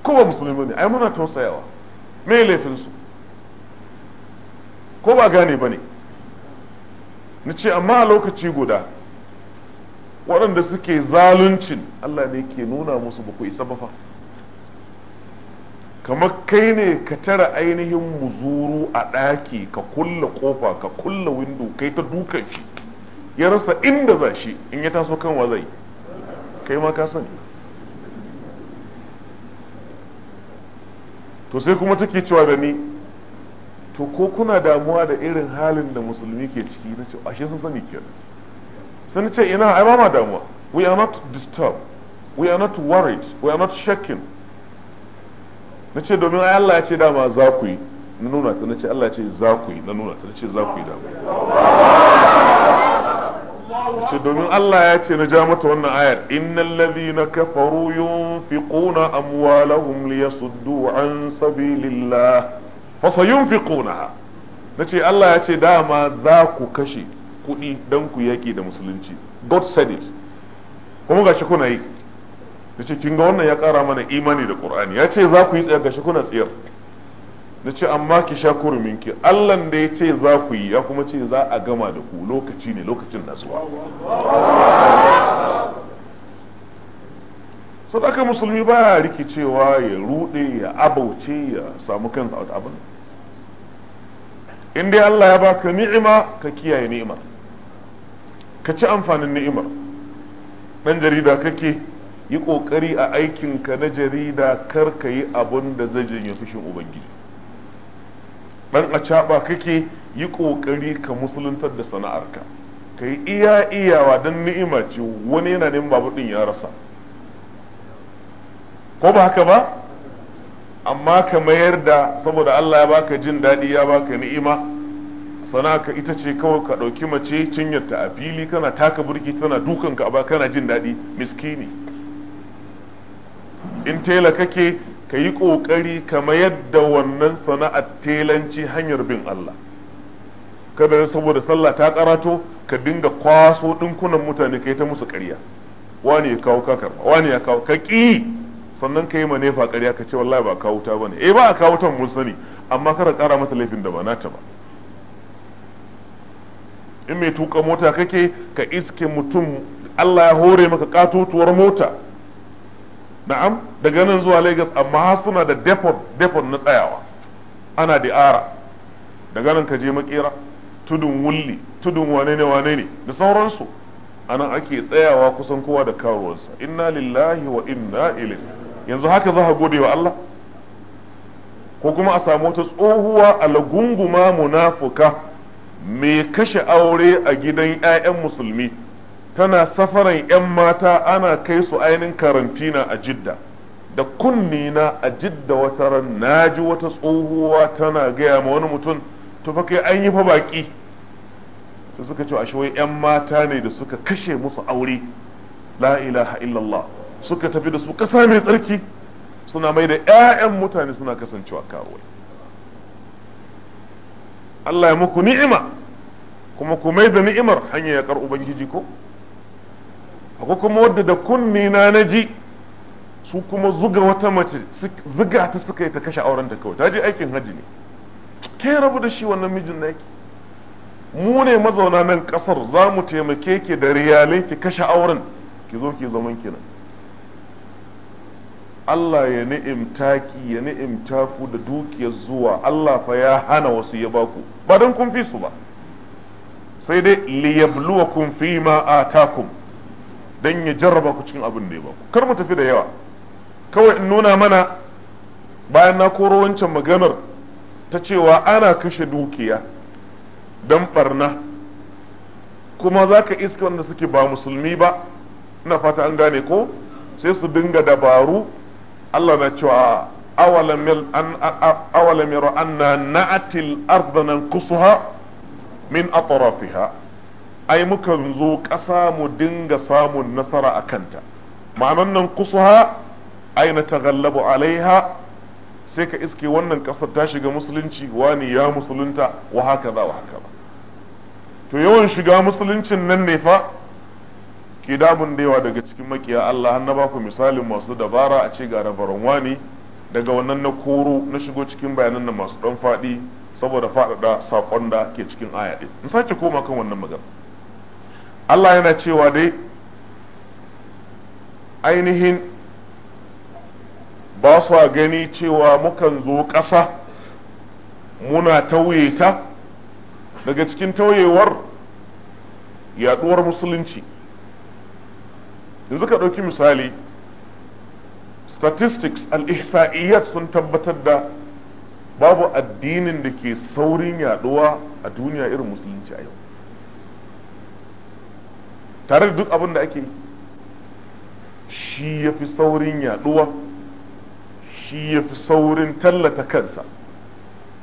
ko ba musulmi ne ai muna tausayawa me laifinsu ko ba gane ba ne na ce amma a lokaci guda waɗanda suke zaluncin Allah ne ke nuna musu ba ku isa ba fa kamar kai ne ka tara ainihin muzuru a ɗaki ka kulle kofa ka kulle windo kai ta dukan shi ya rasa inda za shi in ya taso kan wa zai kai ma ka sani to sai kuma take cewa da ni to ko kuna damuwa da irin halin da musulmi ke ciki na ce ashe sun sani ke sun ce ina ai ba ma damuwa we are not disturbed we are not worried we are not shaken na ce domin ai Allah ya ce dama za ku yi na nuna ta na ce Allah ya ce za ku yi na nuna ta na ce za ku yi dama ce domin Allah ya ce na ja mata wannan ayar innal ladhina kafaru yunfiquna amwalahum liyasuddu an sabilillah fa sayunfiqunaha ce Allah ya ce dama za ku kashe kuɗi don ku yaƙi da musulunci God said it kuma ga shi kuna yi na ce kin ga wannan ya kara mana imani da qur'ani ya ce za ku yi tsayar shi kuna tsayar na ce amma ki sha kurumin ki allan da ya ce za ku yi ya kuma ce za a gama da ku lokaci ne lokacin nasuwa sadaka musulmi baya rikicewa ya rude ya abauce ya samu kansa a abin in dai Allah ya baka ni'ima ka kiyaye ni'imar ka ci amfanin ni'imar ɗan jarida kake yi ƙoƙari a aikinka na jarida kar ka yi abun da zai janye fushin ubangiji ɗan a caɓa kake yi ƙoƙari ka musuluntar da sana'arka ka yi iya iyawa don ni'ima ce wani yana neman babu ɗin ya rasa ko ba haka ba amma ka mayar da saboda Allah ya baka jin daɗi ya baka ni'ima sana'a ita ce kawai ka ɗauki mace cinyarta a fili kana taka burki tana dukanka ba kana jin daɗi miskini in tela kake ka yi ƙoƙari kama yadda wannan sana'ar telanci hanyar bin Allah kada saboda sallah ta karato ka dinga kwaso ɗinkunan mutane ka yi ta musu ƙarya wani ya kawo ka karba wani ya kawo ka ƙi sannan ka yi ma nefa ƙarya ka ce wallahi ba kawo ta bane eh ba a kawo ta mun sani amma kada ƙara mata laifin da ba nata ba in mai tuka mota kake ka iske mutum Allah ya hore maka katotuwar mota na'am daga nan zuwa Legas, amma har suna da depot depot na tsayawa ana da ara daga nan ka je makera tudun wulli tudun wane ne wane ne da sauransu anan ake tsayawa kusan kowa da karuwansa inna lillahi wa inna ilaihi yanzu haka za ka gode wa Allah ko kuma a samu wata tsohuwa a lagunguma munafuka mai kashe aure a gidan 'ya'yan musulmi tana safaran 'yan mata ana kai su ainin karantina a jidda da kunni na a jidda wata ran na ji wata tsohuwa tana gaya ma wani mutum to fa kai an yi fa baki to suka ce ashe wai 'yan mata ne da suka kashe musu aure la ilaha illallah suka tafi da su kasa mai tsarki suna mai da 'ya'yan mutane suna kasancewa kawai. Allah ya muku ni'ima kuma ku mai da ni'imar hanyar ya karɓo ubangiji ko akwai kuma wadda da kunni na ji su kuma zuga wata mace zuga ta suka yi ta kashe auren da kawai ta je aikin haji ne ke rabu da shi wannan mijin yake mu ne mazauna nan kasar za mu taimake ki da riyalai ki kashe auren ki zo ki zaman ki Allah ya ni'imta ki ya ni'imta ku da dukiyar zuwa Allah fa ya hana wasu ya baku ba don kun fi su ba sai dai liyabluwakum fi ma atakum dan ya jarraba ku cikin abin da ya baku kar mu tafi da yawa kawai in nuna mana bayan na koro wancan maganar ta cewa ana kashe dukiya dan barna kuma za ka iska wanda suke ba musulmi ba ina fata an gane ko sai su dinga dabaru Allah na cewa awalam an na na'atil arda kusuha min atrafiha ai mukan zo ƙasa mu dinga samun nasara a kanta ma'anan nan kusuha ai na taghallabu alaiha sai ka iske wannan ƙasar ta shiga musulunci wani ya musulunta wa haka za wa haka ba to yawan shiga musuluncin nan ne fa ke damun da yawa daga cikin makiya Allah na baku misalin masu dabara a ce ga rabaran wani daga wannan na koro na shigo cikin bayanan na masu ɗan faɗi saboda faɗaɗa saƙon da ke cikin aya ɗin in sake koma kan wannan magana Allah yana cewa dai ainihin ba su gani cewa mukan zo ƙasa muna tauye ta daga cikin tauyewar yaɗuwar musulunci yanzu ka ɗauki misali statistics al-ihsa'iyyat sun tabbatar da babu addinin da ke saurin yaɗuwa a duniya irin musulunci a yau tare da duk abin da ake shi ya fi saurin yaduwa shi ya fi saurin tallata kansa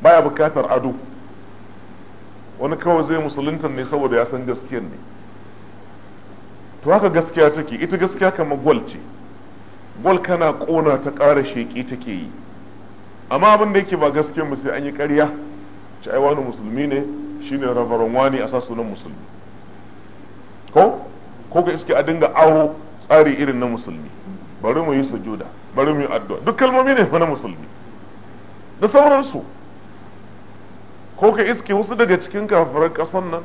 baya bukatar ado wani kawai zai musulunta ne saboda ya san gaskiyar ne to haka gaskiya take ita gaskiya kamar gwal ce gwal kana kona ta ƙara sheƙi take yi amma abin da yake ba gaskiyar mu sai an yi ƙarya ci ai wani musulmi ne shine rabaran wani a sa sunan musulmi ko ko ka iske a dinga aho tsari irin na musulmi bari mu yi sujuda bari mu yi addu'a duk kalmomi ne na musulmi da sauransu ko ka iske wasu daga cikin kafirar kasan nan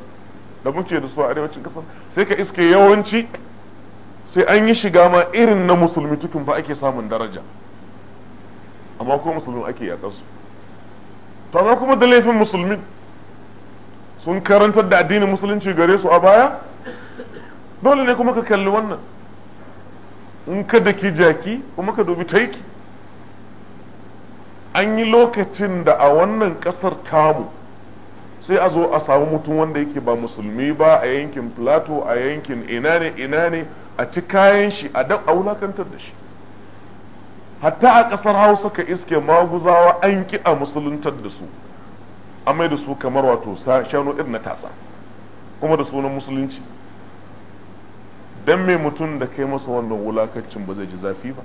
da muke da su a arewacin kasan sai ka iske yawanci sai an yi shiga ma irin na musulmi tukun ba ake samun daraja amma ko musulmi ake yaƙar su to amma kuma da laifin musulmi sun karantar da addinin musulunci gare su a baya dole ne kuma ka kalli wannan in ka ki jaki kuma ka dubi taiki an yi lokacin da a wannan ƙasar tamu sai a zo a samu mutum wanda yake ba musulmi ba a yankin plato a yankin ina ne ina ne a ci kayan shi a dan wulakantar da shi hatta a ƙasar hausa ka iske maguzawa an ki a musuluntar da su a mai da su kamar wato shanu irin na tasa kuma da sunan musulunci dan mai mutum da kai masa wannan wulakancin ba zai ji zafi ba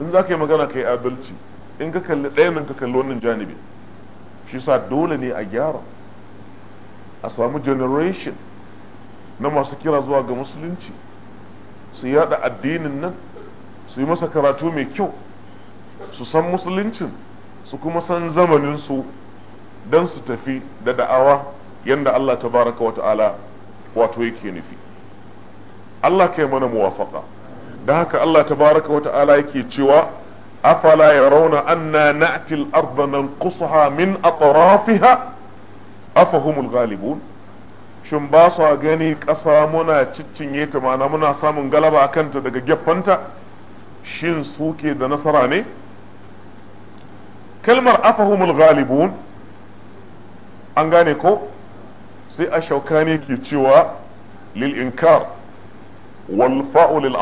in za ka yi magana ka yi adalci in ka kalli ɗaya nan ka kalli wannan janibi shi sa dole ne a gyara a samu generation na masu kira zuwa ga musulunci su yada addinin nan su yi masa karatu mai kyau su san musuluncin su kuma san zamaninsu don su tafi da da'awa yadda Allah ta baraka wa ta'ala wato yake nufi Allah kai mana muwafaka da haka Allah tabaraka wa ta'ala yake cewa afala yarawna anna natil arda ardha nanqusaha min atrafiha afahumul ghalibun shin ba sa gani ƙasa muna ciccinye ta mana muna samun galaba a kanta daga gefanta shin suke da nasara ne kalmar afahumul ghalibun an gane ko sai a shauka ne ke cewa lil inkar wal fa'u lil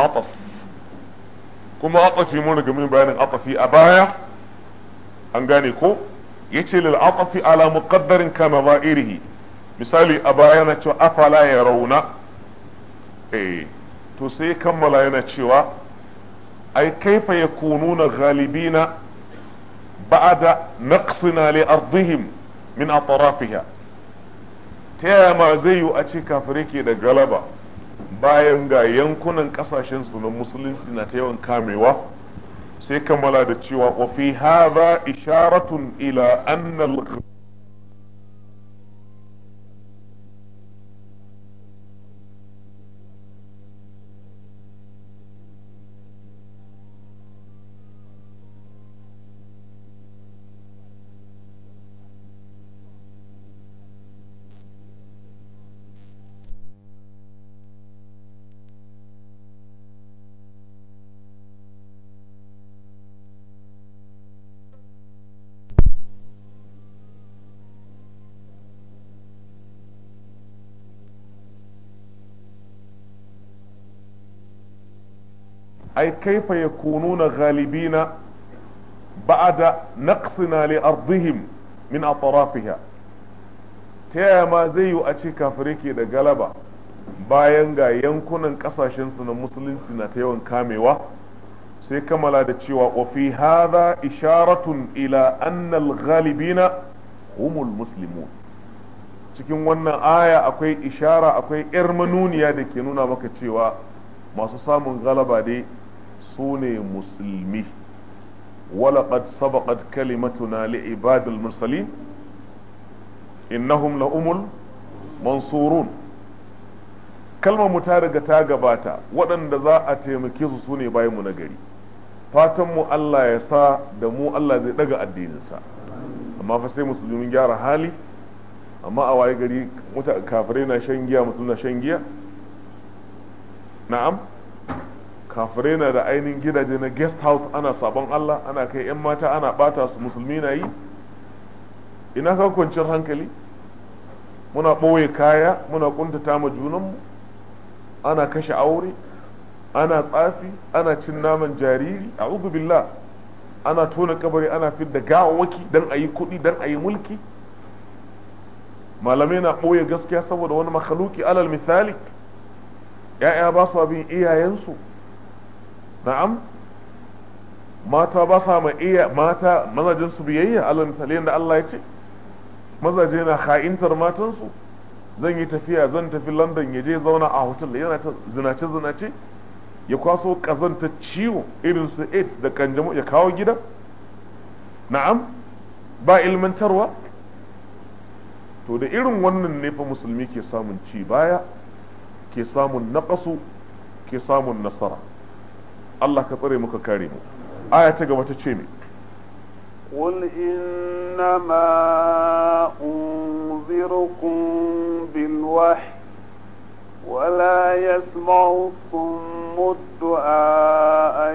kuma atafi mun riga min bayanin atafi a baya an gane ko yace lil atafi ala muqaddarin kama za'irihi misali a baya na cewa afala ya rauna eh to sai kammala yana cewa ai kaifa yakununa ghalibina ba'da naqsina li ardihim min atrafiha ta yaya ma zai yiwu a ce kafire ke da galaba bayan ga yankunan kasashen su na musulunci na ta yawan kamewa sai kammala da cewa wa fi hadha isharatun ila annal ai kaifa yakununa ghalibina ba'da naqsina li ardihim min atrafiha ta yaya ma zai yi a ce kafire ke da galaba bayan ga yankunan su na musulunci na ta yawan kamewa sai kamala da cewa wa fi hadha isharatun ila annal ghalibina humul muslimun cikin wannan aya akwai ishara akwai 'yar manuniya da ke nuna maka cewa masu samun galaba dai su ne musulmi walaƙad sabaƙad kalimatuna li'ibadil mursalin innahum la'umul mansurun kalmar mu ta riga ta gabata waɗanda za a taimake su sune bayanmu na gari fatan mu Allah ya sa da mu Allah zai daga addininsa amma fa sai musulmin gyara hali amma a waye gari kafirai na shan giya musulmi na shan giya na'am kafirai na da ainihin gidaje na guest house ana sabon Allah ana kai 'yan mata ana bata su musulmi na yi ina ka kwanciyar hankali muna ɓoye kaya muna ƙuntata ma junanmu ana kashe aure ana tsafi ana cin naman jariri a billah ana tona kabari ana fidda gawawaki don a yi kuɗi don a yi mulki malamai na ɓoye gaskiya saboda wani makhaluki alal misali ya'ya ba su abin iyayensu na'am mata ba sa ma iya mata mazajen su biyayya alal misali da Allah ya ce mazaje na kha'intar matansu zan yi tafiya zan tafi London ya je zauna a hotel yana ta zinace zinace ya kwaso kazanta ciwo irin su AIDS da kanjamau ya kawo gidan. na'am ba ilmantarwa to da irin wannan ne fa musulmi ke samun ci baya ke samun naqasu ke samun nasara Allah ka tsare muka kare mu aya ta gaba ta ce قل إنما أنذركم بالوحي ولا يسمع الصم الدعاء إذا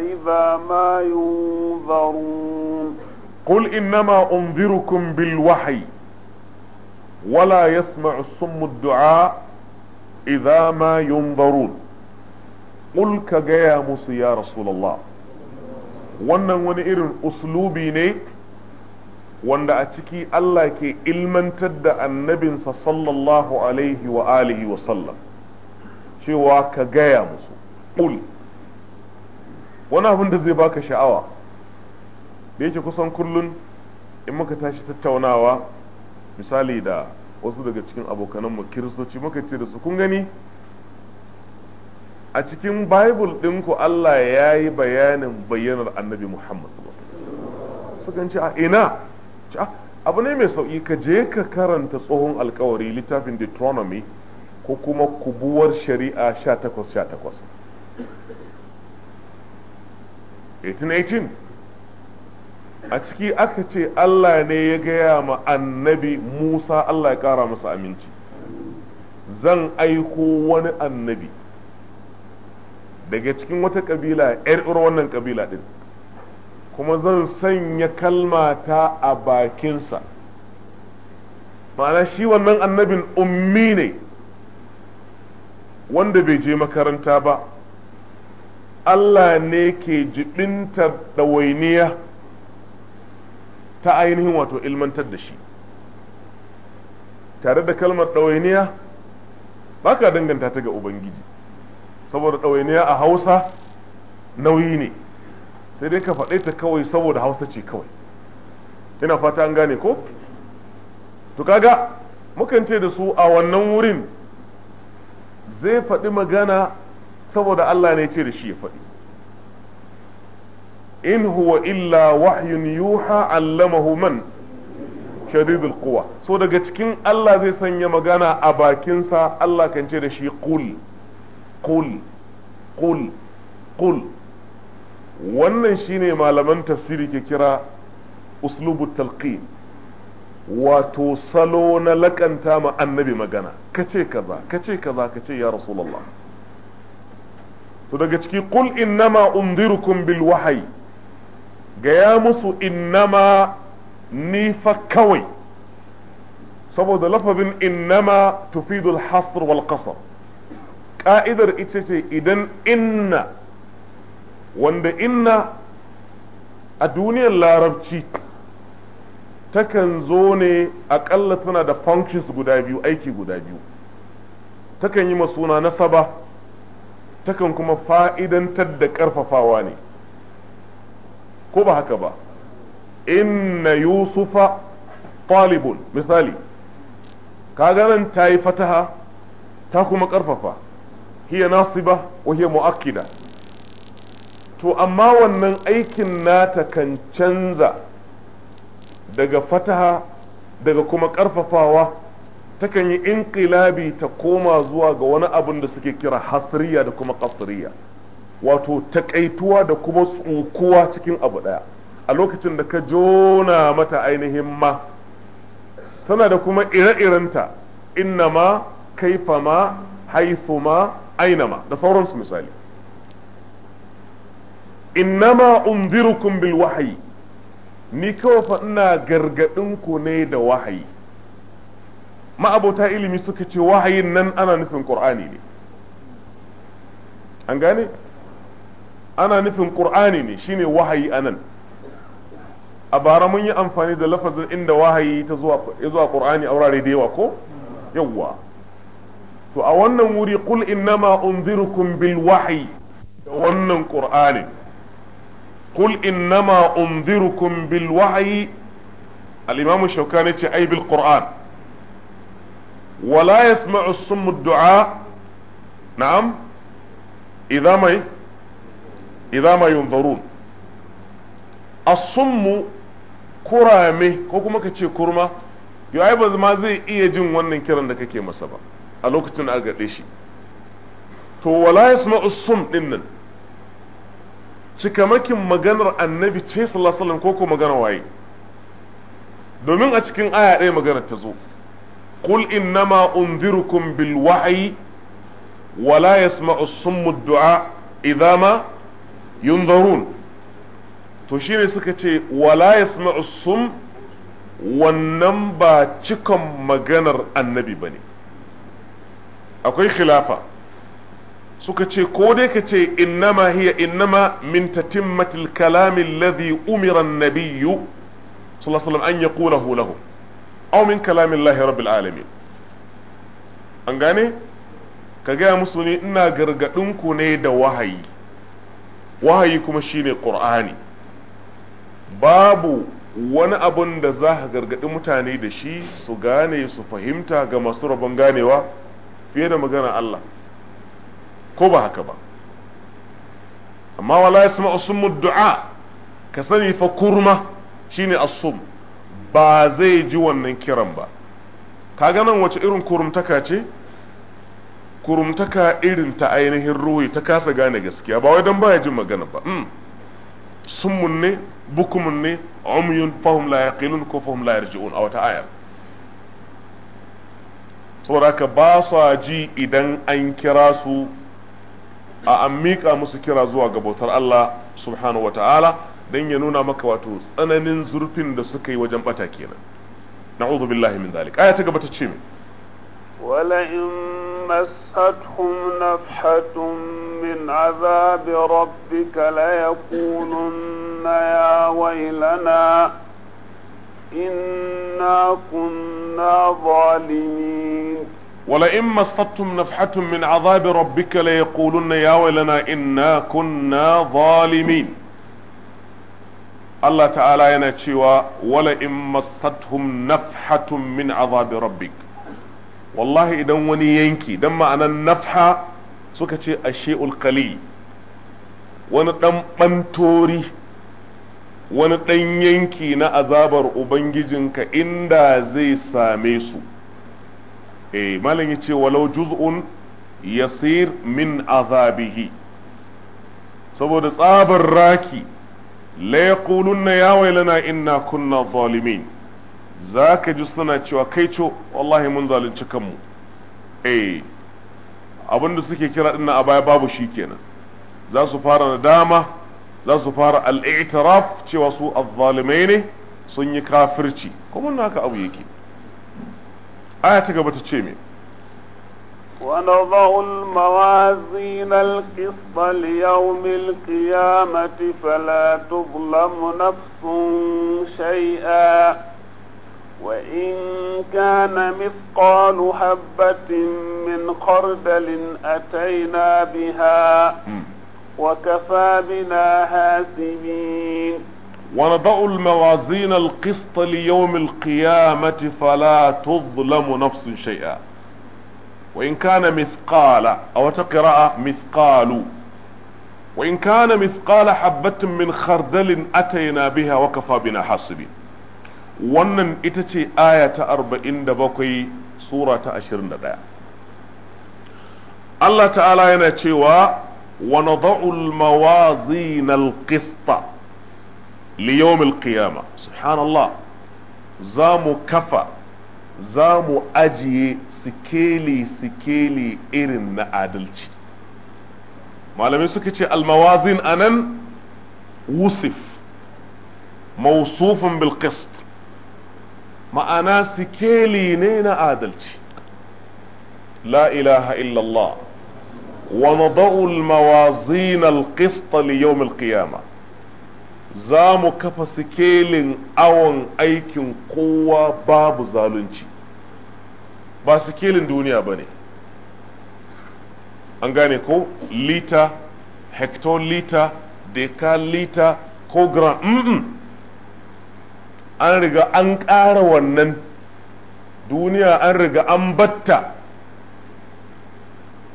ما ينذرون قل إنما أنذركم بالوحي ولا يسمع الصم الدعاء إذا ما ينظرون qul ka gaya musu ya rasulullah wannan wani irin uslubi ne wanda a ciki Allah ke ilmantar da annabinsa sallallahu alaihi wa alihi wa sallam cewa ka gaya musu qul wani abin da zai baka sha'awa da yake kusan kullun in muka tashi tattaunawa misali da wasu daga cikin abokananmu kiristoci muka ce da su kun gani a cikin bible ɗinku Allah ya yi bayanin bayyanar annabi Muhammad sukan ce a ina ah, abu ne mai sauƙi ka je ka karanta tsohon alkawari littafin deuteronomy ko kuma kubuwar shari'a 18-18 18 a ciki aka ce Allah ne ya gaya ma annabi Musa Allah ya ƙara masa aminci zan aiko wani annabi daga cikin wata kabila yar uwar wannan kabila din kuma zan sanya kalma ta a bakinsa ma'ana shi wannan annabin ummi ne wanda bai je makaranta ba Allah ne ke jibintar ɗawainiya ta ainihin wato ilmantar da shi tare da kalmar ɗawainiya ba ka danganta ta ga Ubangiji saboda ɗawainiya a hausa nauyi ne sai dai ka faɗe ta kawai saboda hausa ce kawai ina fata an gane ko to kaga mukan ce da su a wannan wurin zai faɗi magana saboda Allah ne ce da shi ya faɗi in huwa illa wahyun yuha allamahu man shadidul quwa so daga cikin Allah zai sanya magana a bakinsa Allah kan ce da shi qul qul qul qul wannan shine malaman tafsiri ke kira uslubu talqin wato salo na lakanta ma annabi magana kace kaza kace kaza kace ya rasulullah to daga ciki qul innama undirukum bil wahyi gaya musu innama ni fa kawai saboda lafazin innama tufidul hasr wal qasr ka'idar ita ce idan inna wanda inna a duniyar larabci takan zo ne akalla tana da functions guda biyu aiki guda biyu takan yi masuna nasaba takan kuma fa'idantar da ƙarfafawa ne ko ba haka ba inna yusufa talibun misali kaga nan ta yi fataha ta kuma ƙarfafa hiya nasiba wa hiya mu'akkida to amma wannan aikin nata kan canza daga fataha daga kuma karfafawa takan yi inqilabi ta koma zuwa ga wani abu da suke kira hasriya da kuma qasriya wato takaituwa da kuma tsukuwa cikin abu daya a lokacin da ka jona mata ainihin ma tana da kuma ire-irenta inna ma kaifa ma haifu ma ainama da sauransu misali innama unzirukum bil wahayi ni kawafa ina gargadin ku ne da wahayi ma'abota ilimi suka ce wahayin nan ana nufin qur'ani ne an gane ana nufin qur'ani ne shine wahayi anan a bara mun yi amfani da lafazin inda wahayi ya zuwa qur'ani a wurare yawa ko yawwa to a wannan wuri qul innama unzirukum bil wahyi da wannan qur'ani qul innama unzirukum bil wahyi al-imam shaukani ce ai bil qur'an wala yasma'u as-summu dua na'am idza mai idza ma yunzarun as-summu kurame ko kuma ka ce kurma yau ai ba ma zai iya jin wannan kiran da kake masa ba a lokacin a gaɗe shi to wala yasma'u sum din cikamakin maganar annabi ce sallallahu ko ko magana waye domin a cikin aya ɗaya maganar ta zo qul innama unzirukum bil wahyi wala yasma'u summu du'a idza ma yunzarun to shine suka ce wala yasma'u sum wannan ba cikon maganar annabi bane akwai khilafa suka ce ko dai ka ce innama hiya innama min tatimmatil kalami alladhi umira an-nabiyyu sallallahu an yaqulahu lahu aw min kalami allahi rabbil alamin an gane ka gaya musu ne ina gargadin ku ne da wahayi wahayi kuma shine qur'ani babu wani abun da za ka gargaɗi mutane da shi su gane su fahimta ga masu rabon ganewa fiye da magana Allah ko ba haka ba amma wala yasma asumu du'a ka sani fa kurma shine asum ba zai ji wannan kiran ba kaga nan wace irin kurumtaka ce kurumtaka irin ta ainihin ruhi ta kasa gane gaskiya ba wai dan ba ya ji magana ba hmm. summun ne bukumun ne umyun fahum la yaqilun ko fahum la yarji'un a wata ayar saboda haka ba sa ji idan an kira su a an miƙa musu kira zuwa ga bautar Allah subhanahu wa ta'ala don ya nuna maka wato tsananin zurfin da suka yi wajen bata kenan na'udhu billahi min zalik aya ta gaba ta ce min ولئن مستهم نفحة من عذاب ربك ليقولن يا ويلنا إنا كنا ظالمين ولئن مستهم نفحة من عذاب ربك ليقولن يا ويلنا إنا كنا ظالمين Allah ta'ala yana cewa wala in massathum nafhatun min azabi rabbik wallahi idan wani yanki dan ma'anan nafha suka ce ashe'ul qali wani dan bantori wani ɗan yanki na azabar ubangijinka inda zai same su eh malam ce walau juz'un yasir min azabihi saboda tsabar raki la na ya lana inna kunna zalimin ka ji suna cewa kai co wallahi mun zalunci kanmu e eh, abinda suke kira dinnan a baya babu shi kenan. za su fara da dama. za su fara al'i'tiraf cewa su azzalimai ne sun yi kafirci kuma haka abu yake aya ta gaba ta ce me ونضع الموازين القسط ليوم القيامة فلا تظلم نفس شيئا وإن كان مثقال حبة من خردل أتينا بها وكفى بنا حاسبين ونضع الموازين القسط ليوم القيامة فلا تظلم نفس شيئا وإن كان مثقال أو تقرأ مثقال وإن كان مثقال حبة من خردل أتينا بها وكفى بنا حاسبين wannan ita ce aya ta arba'in da bakwai sura ta ashirin da Allah ta'ala yana cewa ونضع الموازين القسط ليوم القيامة سبحان الله زام كفا زام أجي سكيلي سكيلي إرن أدلتي ما لم الموازين أنن وصف موصوف بالقسط ما أنا سكيلي نين أدلتي لا إله إلا الله wa nadau al-mawazin al-qist li za mu kafa sikelin awon aikin kowa babu zalunci ba sikelin duniya ba ne an gane ko lita deka lita, ko gram mm an riga an ƙara wannan duniya an riga an batta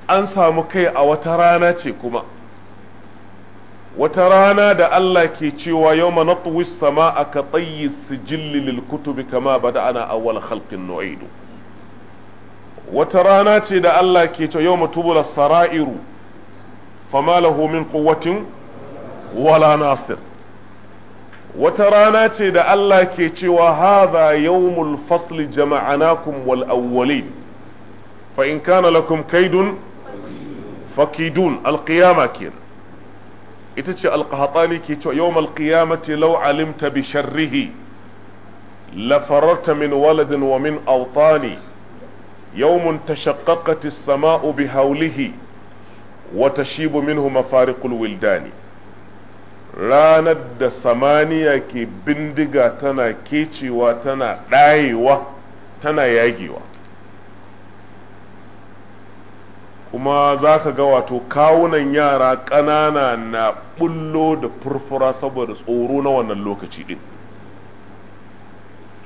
an samu kai a wata rana ce kuma wata rana da Allah ke cewa yau manatuwis sama a ka tsayi sijilli lil kutubi kama bada ana awwal halkin nu'idu wata rana ce da Allah ke cewa yau matubula sara'iru fama lahu min quwwatin wala nasir wata rana ce da Allah ke cewa hadha yawmul fasli jama'anakum wal awwalin fa in kana lakum kaidun فكيدون القيامة كين اتشي القهطاني كي يوم القيامة لو علمت بشره لفررت من ولد ومن اوطاني يوم تشققت السماء بهوله وتشيب منه مفارق الولدان راند da samaniya ke bindiga tana kecewa tana ɗayewa tana kuma za ka ga wato kawunan yara ƙanana na bullo da furfura saboda tsoro na wannan lokaci ɗin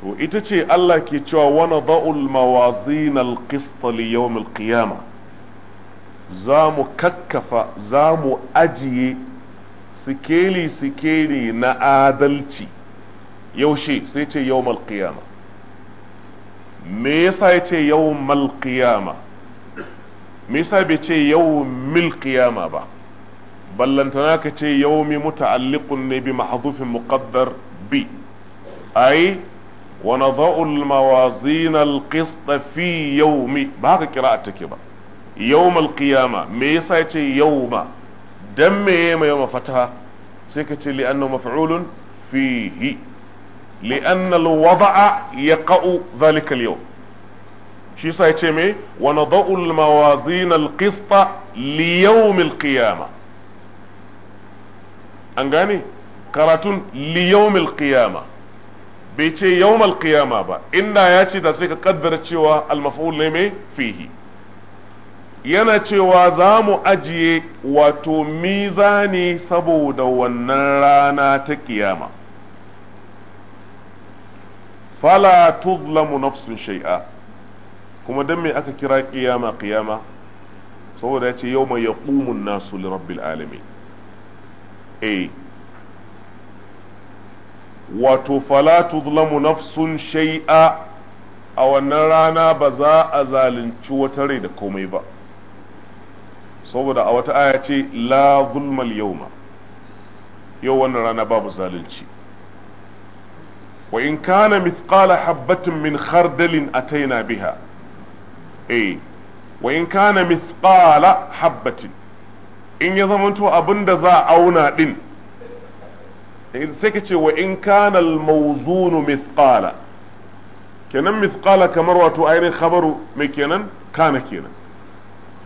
to ita ce Allah ke cewa wani ba'ul mawazin alƙistali yau qiyama za mu kakkafa za mu ajiye sikeli-sikeli na adalci yaushe sai ce yau qiyama me yasa ya ce yau qiyama me yasa bai ce yawmil qiyama ba ballantana ka ce yawmi muta'alliqun ne bi mahdhufin muqaddar bi ai wa nadha'u al-mawazin al-qist fi yawmi ba haka kira take ba yawmal qiyama me yasa ce yawma dan me yayi mai sai ka ce li'annahu maf'ulun fihi li'anna al-wada'a yaqa'u dhalika al-yawm shi yasa yace me wa nadau al mawazin al qist li yawm al qiyama an gane karatun li yawm al qiyama bai ce yawm al qiyama ba inda ya ce da sai ka kaddara cewa al maf'ul ne me fihi yana cewa za mu ajiye wato mizani saboda wannan rana ta kiyama fala tuzlamu nafsun shai'a kuma don me aka kira qiyama qiyama saboda ya ce mai yaqumu an-nasu li rabbil alamin eh wato fala tuzlamu nafsun shai'a, a wannan rana ba za a zalunci wata rai da komai ba saboda a wata aya ce la zulmal yawma yau wannan rana babu zalunci wa in kana mithqala habatin min khardalin ataina biha eh wa in kana mithqala habbatin in ya zamanto abin abinda za a auna din eh, sai ka ce wa in kana al mawzun mithqala kenan mithqala kamar wato ainihin khabaru me kenan kana kenan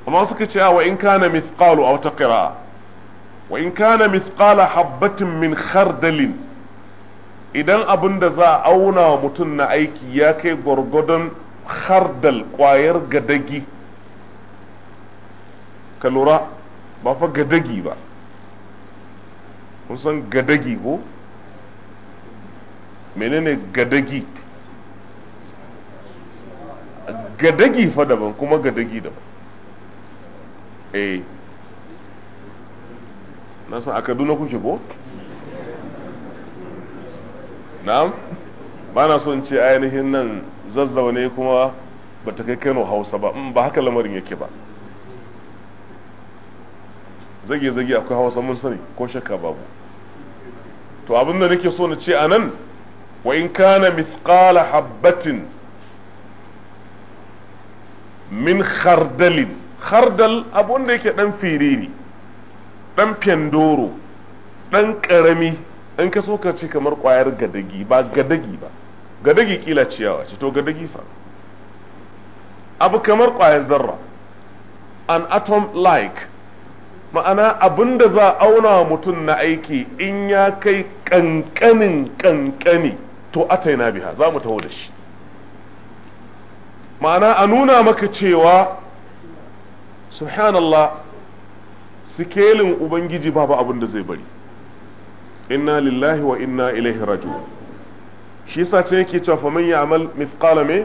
amma suka ce wa in kana mithqalu a wata wa in kana mithqala habbatin min khardalin idan abinda za a auna wa mutum na aiki ya kai gwargwadon khardal kwayar gadagi ka lura ba fa gadagi ba kun san gadagi ko menene gadagi gadagi fa daban kuma gadagi daban eh san a kaduna kuke ko na'am ba na son ce ainihin nan zazzaune kuma ba ta kai kano hausa ba mm, ba haka lamarin yake ba zage-zage akwai hausa mun sani ko shakka babu to abin da nake so na ce a nan wa in kana mithqala habbatin min khardalin khardal abu wanda yake dan firiri dan fyandoro dan karami dan kaso ka ce kamar kwayar gadagi ba gadagi ba gadagi kila ciyawa ce to gadagi fa abu kamar ƙwayar zarra an atom like ma'ana abinda da za a auna mutum na aiki in ya kai ƙanƙanin ƙanƙani to ataina biha za mu taho da shi ma'ana a nuna maka cewa subhanallah sikelin ubangiji babu abinda da zai bari inna lillahi wa inna ilaihi raju. shi yasa ce yake cewa fa man ya'mal mithqala me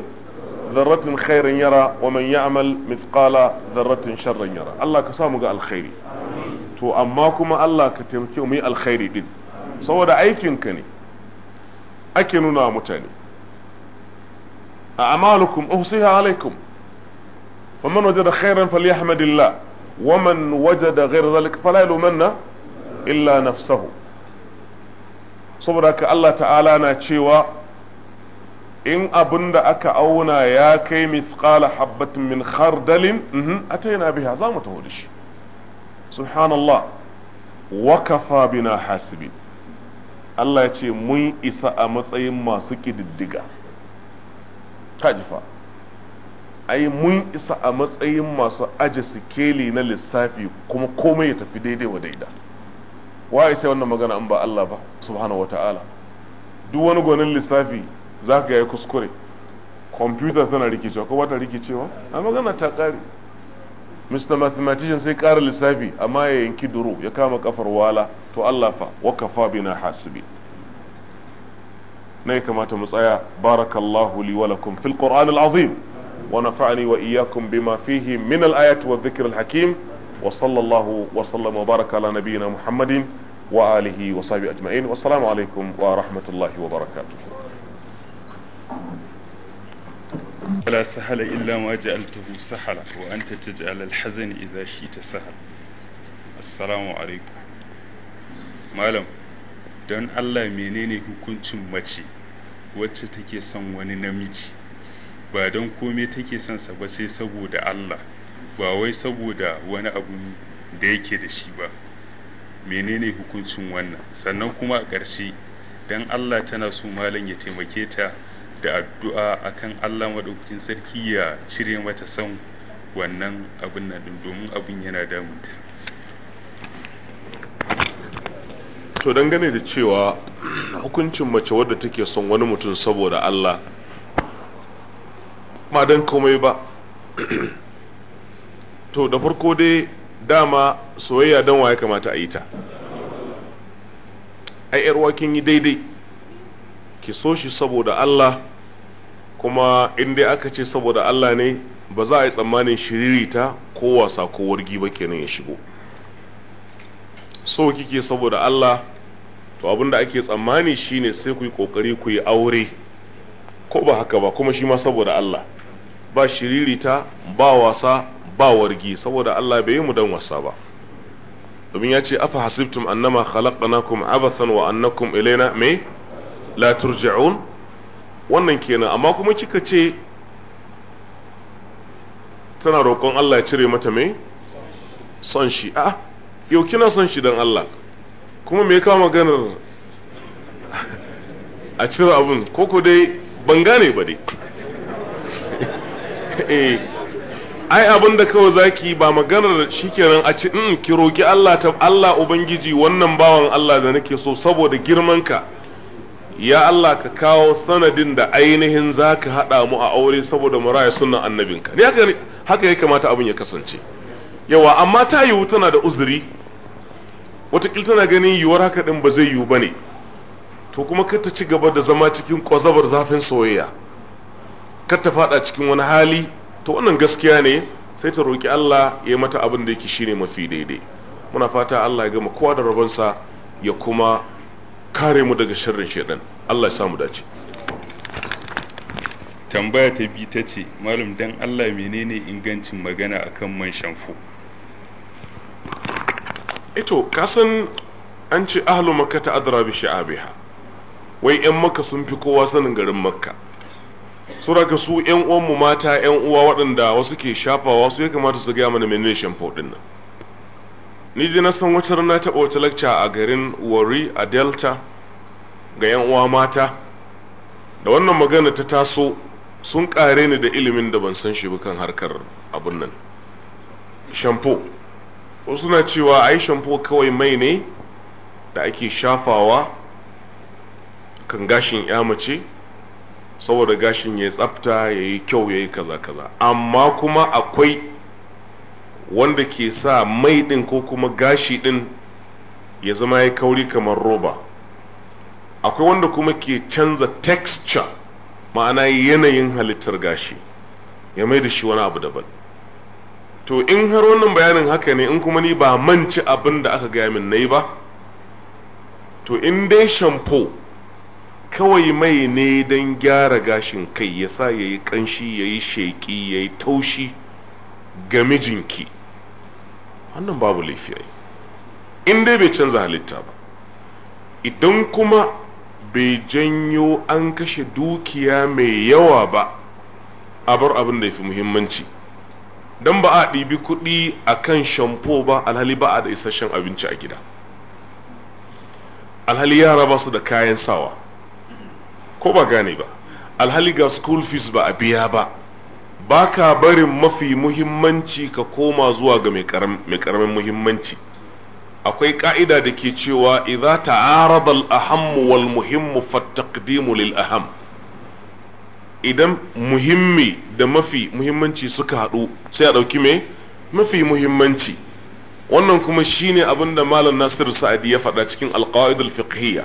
dharratin khairin yara wa man ya'mal mithqala dharratin sharran yara Allah ka samu ga alkhairi to amma kuma Allah ka taimake mu yi alkhairi din saboda aikin ka ne ake nuna mutane a'malukum uhsiha alaikum faman wajada khairan falyahmadillah ومن وجد غير ذلك فلا يلومن illa nafsahu. saboda ka Allah ta'ala na cewa in abin da aka auna ya kai mithqala habbatin min khardalin mhm, ataina biha za mu taho shi subhanallah wa kafa bina hasibin Allah ya ce mun isa a matsayin masu ƙididdiga kajifa ai mun isa a matsayin masu aje sikeli na lissafi kuma komai ya tafi daidai wa daidai wa sai wannan magana an ba Allah ba subhanahu wata'ala duk wani gwanin lissafi za ka yi kuskure kwamfuta tana rikicewa ko wata rikicewa a magana ta ƙari. mr mathematician sai ƙara lissafi amma ya yanki duro ya kama kafar wala to Allah fa wa kafa bina hasibi na ya kamata mu tsaya barakallahu li wa lakum fil qur'an al azim wa nafa'ani wa iyyakum bima fihi min al ayati wa dhikr al hakim wa sallallahu wa sallama baraka ala nabiyina muhammadin wa alihi wa sahbihi ajma'in wassalamu alaikum wa wa سهل إلا ما جعلته سهلا وأنت تجعل الحزن إذا شئت سهل السلام عليكم مالم don Allah menene hukuncin mace wacce take son wani namiji ba don kome take son sa ba sai saboda Allah ba wai saboda wani abu da yake da shi ba menene hukuncin wannan sannan kuma a ƙarshe don Allah tana so malam ya taimake ta da addu'a a kan Allah maɗaukakin sarki ya cire mata son wannan abin nan domin abin yana damunta to dangane da cewa hukuncin mace wadda take son wani mutum saboda Allah ma dan komai ba to da farko dai dama soyayya don wa ya kamata a yi ta ai yarwa kin yi daidai ki so shi saboda Allah kuma in dai aka ce saboda Allah ne ba za a yi tsammanin shiririta ko wasa ko wargi ba kenan ya shigo so kike saboda Allah to abin da ake tsammani shine sai ku yi kokari ku yi aure ko ba haka ba kuma shi ma saboda Allah ba shiririta ba wasa ba wargi saboda Allah bai yi mu dan wasa ba domin ya ce afa hasibtum annama khalaqnakum abathan wa annakum ilaina me la turja'un wannan kenan amma kuma kika ce tana roƙon Allah ya cire mata me son shi a yau kina son shi dan Allah kuma me ka maganar a cire abun ko dai ban gane ba dai eh ai abin da kawai zaki ba maganar shikenan a ci in mm, ki roki Allah ta Allah ubangiji wannan bawan Allah da nake so saboda girman ka ya Allah ka kawo sanadin da ainihin zaka hada mu a aure saboda mu raya sunnan annabinka ne haka haka ya kamata abin ya kasance yawa amma ta yiwu tana da uzuri watakil tana ganin yiwuwar haka din ba zai yiwu ne? to kuma kar ta ci gaba da zama cikin kwazabar zafin soyayya kar ta fada cikin wani hali to wannan gaskiya ne sai ta roki Allah ya mata abin da yake shine mafi daidai muna fata Allah ya gama kowa da rabonsa ya kuma kare mu daga sharrin shedan Allah ya samu dace tambaya ta bi ta ce malam dan Allah menene ingancin magana akan man shamfo ito eh kasan an ce ahlu makka ta adra bi sha'abiha wai yan makka sun fi kowa sanin garin makka ka su yan uwanmu mata yan uwa waɗanda wasu ke shafawa su ya kamata su gaya mana menene shamfo din nan ni dai na san wata rana taɓa wata lacca a garin wari a delta ga yan uwa mata da wannan magana ta taso sun ƙare ni da ilimin da ban san shi ba kan harkar abun nan shamfo wasu suna cewa ai shamfo kawai mai ne da ake shafawa kan gashin ya mace saboda gashin ya yi tsafta ya yi kyau ya yi kaza kaza amma kuma akwai wanda ke sa mai ɗin ko kuma gashi ɗin ya zama ya kauri kamar roba akwai wanda kuma ke canza texture ma'ana yanayin halittar gashi ya mai da shi wani abu daban to in har wannan bayanin haka ne in kuma ni ba manci abin da aka gaya min na yi ba to in dai shampoo kawai mai ne don gyara gashin kai ya sa ya yi ƙanshi ya yi sheƙi ya yi taushi ga mijinki wannan babu laifiya. in dai bai canza halitta ba idan kuma bai janyo an kashe dukiya mai yawa ba a bar abin da ya fi muhimmanci don ba a ɗibi kuɗi a kan shamfo ba alhali ba a da isasshen abinci a gida alhali yara ba su da kayan sawa ko ba gane ba alhali ga school fees ba a biya ba ba ka barin mafi muhimmanci ka koma zuwa ga mai karamin muhimmanci akwai ka'ida da ke cewa idza ta'arada al wal muhim fattaqdimu lil aham idan muhimmi da mafi muhimmanci suka haɗu sai a ɗauki mai mafi muhimmanci wannan kuma shine abin da malam Nasiru Sa'adi ya faɗa cikin al-qawaid al-fiqhiyya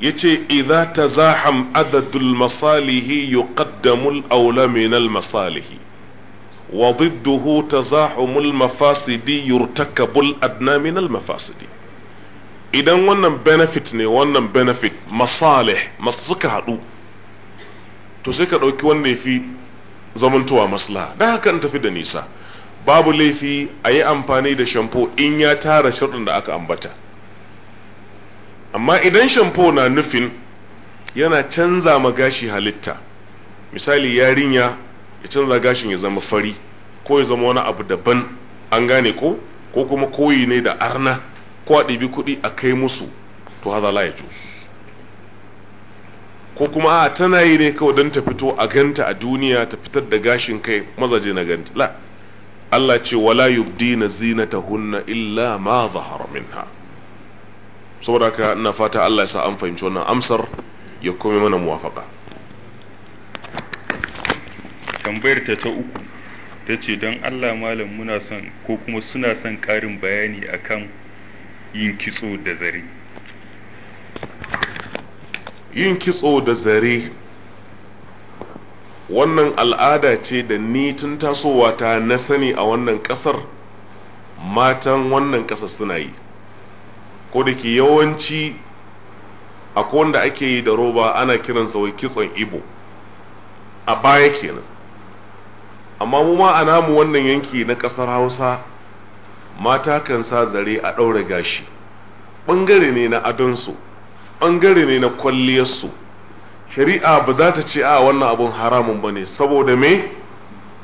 yace idza tazaham adadul masalihi yuqaddamu aula awla min al-masalihi wa tazahumul mafasidi yurtakabul adna الأدنى من mafasidi. idan wannan benefit ne wannan benefit masalih masu suka haɗu to sai ka ɗauki wannan ya zamantowa maslaha da haka in tafi da nisa babu laifi a yi amfani da shampo in ya tara sharɗin da aka ambata amma idan shamfo na nufin yana canza ma gashi halitta misali yarinya ya canza gashin ya zama fari ko ya zama wani abu daban an gane ko ko kuma koyi ne da arna ko a ɗibi kuɗi a kai musu to haza la ya ko kuma a tana yi ne kawai don ta fito a ganta a duniya ta fitar da gashin kai mazaje na ganta la Allah ce wala yubdina zinatahunna illa ma zahara minha saboda haka ina fata Allah ya sa an fahimci wannan amsar ya kome mana muwafaka tambayar ta ta uku ta ce don Allah malam muna son ko kuma suna son ƙarin bayani akan yin kitso da zare yin kitso da zare wannan al'ada ce da ni tun tasowa ta na sani a wannan ƙasar matan wannan ƙasa suna yi ko da ke yawanci a wanda ake yi da roba ana kiransa wai kitson ibo a baya kenan amma mu ma a namu wannan yanki na ƙasar hausa mata kan sa zare a ɗaure gashi ɓangare ne na adonsu ɓangare ne na kwalliyarsu shari'a ba za ta ce a wannan abun haramun ba ne saboda me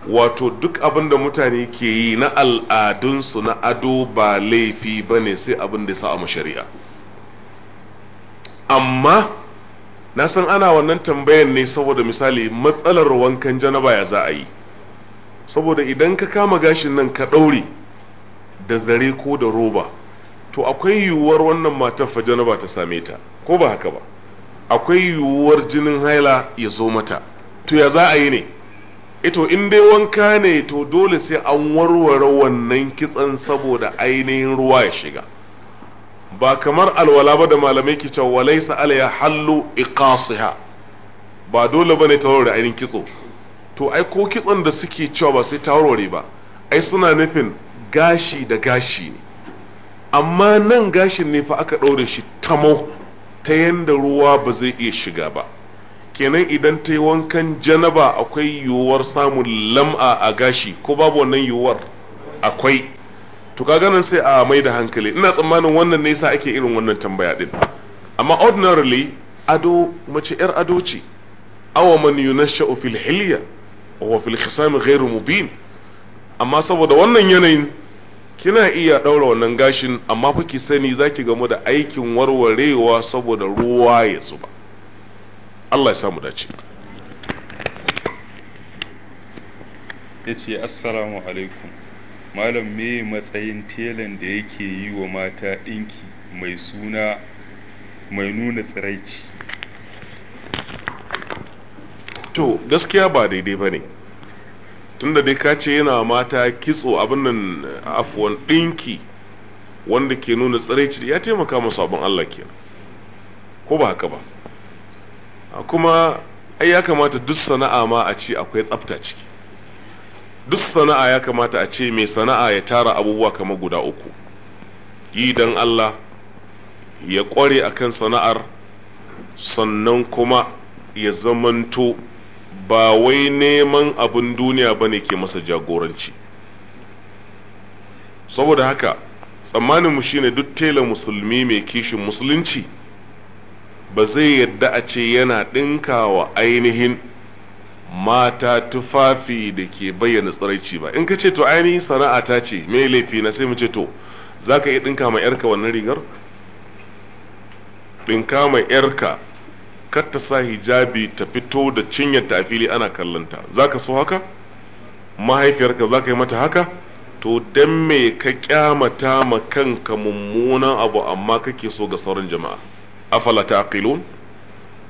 wato duk abin da mutane ke yi na al'adunsu na ado ba laifi ba ne sai abin da sa shari'a amma na san ana wannan tambayan ne saboda misali matsalar wankan janaba ya za a yi saboda idan ka kama gashin nan ka ɗaure da zare ko da roba to akwai yiwuwar wannan matar fa janaba ta same ta ko ba haka ba akwai yiwuwar jinin haila ya zo mata to ya za a yi ne ito in dai wanka ne to dole sai an warware wannan kitsan saboda ainihin ruwa ya shiga ba kamar alwala ba da malamai ke cewa walaisa ala ya hallu iqasiha ba dole bane ta warware ainihin kitso to ai ko kitson da suke cewa ba sai ta warware ba ai suna nufin gashi da gashi ne amma nan gashin ne fa aka ɗaure shi tamo ta yanda ruwa ba zai iya shiga ba kenan idan ta yi wankan janaba akwai yiwuwar samun lam'a a gashi ko babu wannan yiwuwar akwai to ka ganin sai a mai da hankali ina tsammanin wannan ne yasa ake irin wannan tambaya din amma ordinarily ado mace yar ado ce awa man yunashsha'u fil hilya wa fil khisam ghairu mubin amma saboda wannan yanayin kina iya ɗaura wannan gashin amma fa ki sani zaki gamu da aikin warwarewa saboda ruwa ya zuba Allah ya samu dace ya ce assalamu alaikum malam me matsayin telan da yake yi wa mata ɗinki mai suna mai nuna tsiraici to gaskiya ba daidai ba ne tunda dai ka ce yana mata kitso abin nan afuwan ɗinki wanda ke nuna tsiraici ya taimaka musu abin Allah ke ko ba haka ba kuma ai ya kamata duk sana'a ma a ce akwai tsafta ciki duk sana'a ya kamata a ce mai sana'a ya tara abubuwa kamar guda uku yi don Allah ya ƙware akan sana'ar sannan kuma ya zamanto ba wai neman abin duniya ba ne ke masa jagoranci saboda haka tsammaninmu shine duk tela musulmi mai kishin musulunci ba zai yadda a ce yana ɗinka wa ainihin mata tufafi da ke bayyana tsiraici ba in ka ce to ainihin sana'a ta ce me laifi na sai mu ce to za ka iya ɗinka ma yarka wannan rigar ɗinka ma yarka kar ta sa hijabi ta fito da cinyarta a fili ana kallonta za ka so haka mahaifiyarka za ka yi mata haka to don me ka kyamata ma kanka mummunan abu amma kake so ga sauran jama'a afala taqilun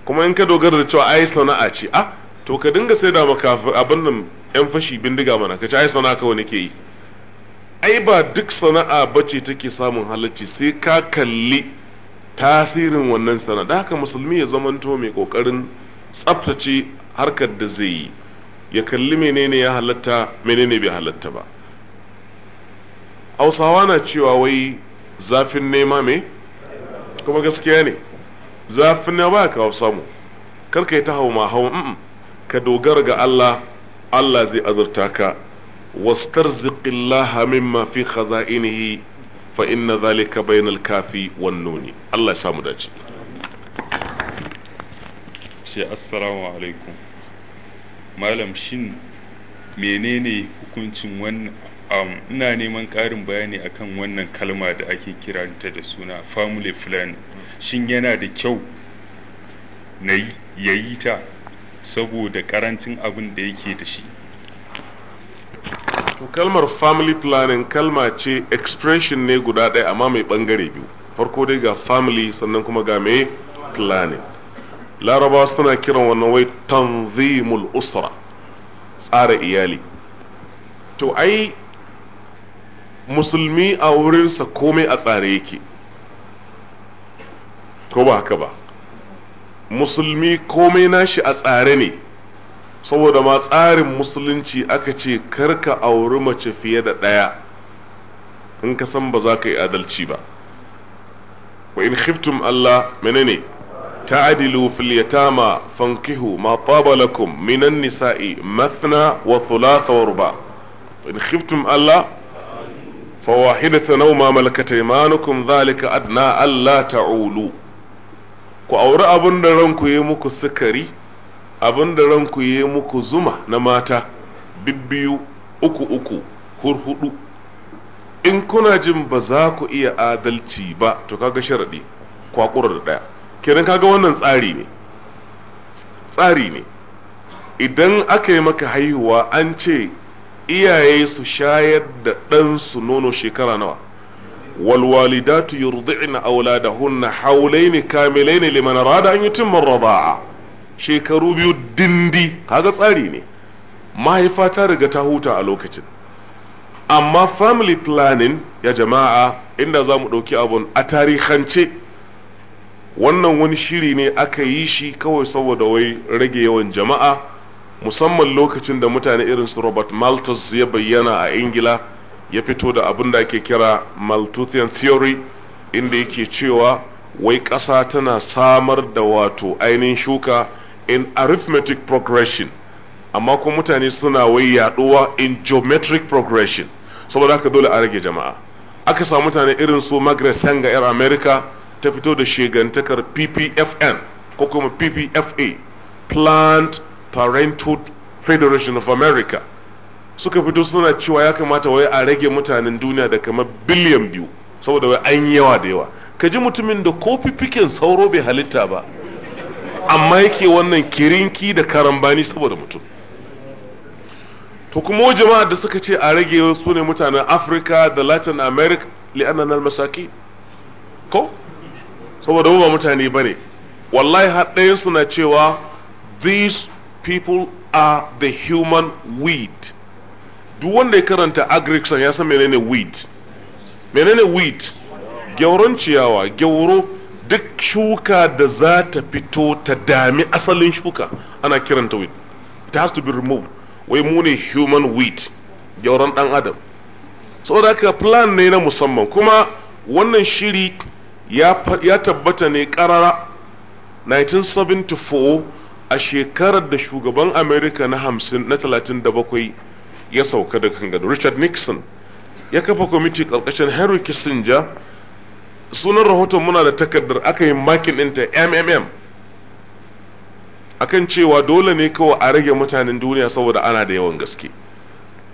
kuma in ka dogara da cewa ai sana'a ce ah to ka dinga sai da maka abin nan yan fashi bindiga mana ka ce ai sana'a kawai nake yi ai ba duk sana'a bace take samun halacci sai ka kalli tasirin wannan sana'a da haka musulmi ya zamanto mai kokarin tsaftace harkar da zai yi ya kalli menene ya halatta menene bai halatta ba hausawa na cewa wai zafin nema me kuma gaskiya ne zafin na ba kawo samu kar ka yi ta hau ma mm, hau mm. ka dogara ga Allah Allah zai azurta ka wastarziqillaha mimma fi khaza'inihi fa inna zalika bainal kafi wan nuni Allah ya samu dace ce assalamu alaikum malam shin menene hukuncin wannan um, ina neman ƙarin bayani akan wannan kalma da ake kiranta da suna family planning shin yana da kyau na yayi ta saboda karancin abin da yake da shi to kalmar family planning kalma ce expression ne guda ɗaya amma mai ɓangare biyu farko dai ga family sannan kuma ga mai planning larabawa suna kiran wannan wai tanzimul usra tsara iyali to ai musulmi a wurinsa komai a tsare yake ko ba haka ba musulmi komai nashi a tsare ne saboda ma tsarin musulunci aka ce karka auri mace fiye da ɗaya in ka san ba za ka yi adalci ba wa in khiftum Allah menene ta'dilu fil yatama fankihu ma taba lakum minan nisa'i mathna wa thulatha wa ruba in khiftum Allah فواحدة أو ما ملكت أيمانكم ذلك أدنى ألا تعولوا ku auri abin da ranku yi muku sukari abin da ranku yi muku zuma na mata bibbiyu uku uku hurhudu in kuna jin ba za ku iya adalci ba to kaga sharaɗi kwakura da ɗaya kenan kaga wannan tsari ne tsari ne idan aka yi maka haihuwa an ce iyaye su shayar da ɗansu nono shekara nawa walwalidatu walidatu yurdi'na auladahunna haulaini kamilaini liman arada an yutimma ar-rida'a shekaru biyu dindi kaga tsari ne mahaifa ta riga ta huta a lokacin amma family planning ya jama'a inda za mu ɗauki abun a tarihance wannan wani shiri ne aka yi shi kawai saboda wai rage yawan jama'a musamman lokacin da mutane irin su robert malthus ya bayyana a ingila ya fito da abin da ake kira Malthusian theory inda yake cewa wai ƙasa tana samar da wato ainihin shuka in arithmetic progression amma kuma mutane suna wai yaduwa in geometric progression saboda haka dole a rage jama'a aka samu mutane irin su Margaret Sanger yar America ta fito da shegantakar PPFN ko kuma PPFA Planned Parenthood Federation of America suka fito suna cewa ya kamata wai a rage mutanen duniya da kamar biliyan biyu saboda wai an yi yawa da yawa ka ji mutumin da ko fifikin sauro bai halitta ba amma yake wannan kirinki da karambani saboda mutum to kuma jama'a da suka ce a rage su ne mutanen afirka da latin america li'annan masaki ko saboda ba mutane ba ne wallahi haɗayen na cewa these people are the human weed duk wanda ya karanta agrikson ya san menene weed menene weed gyauron ciyawa gyauro duk shuka da za ta fito ta dami asalin shuka ana kiranta weed it has to be removed wai mu ne human weed gyauron dan adam saboda haka plan ne na musamman kuma wannan shiri ya tabbata ne karara 1974 a shekarar da shugaban america na 50 na 37 ya sauka da kan Richard Nixon ya kafa kwamiti karkashin Henry Kissinger sunan rahoton muna da takardar aka yi makin ɗinta MMM akan cewa dole ne kawai a rage mutanen duniya saboda ana da yawan gaske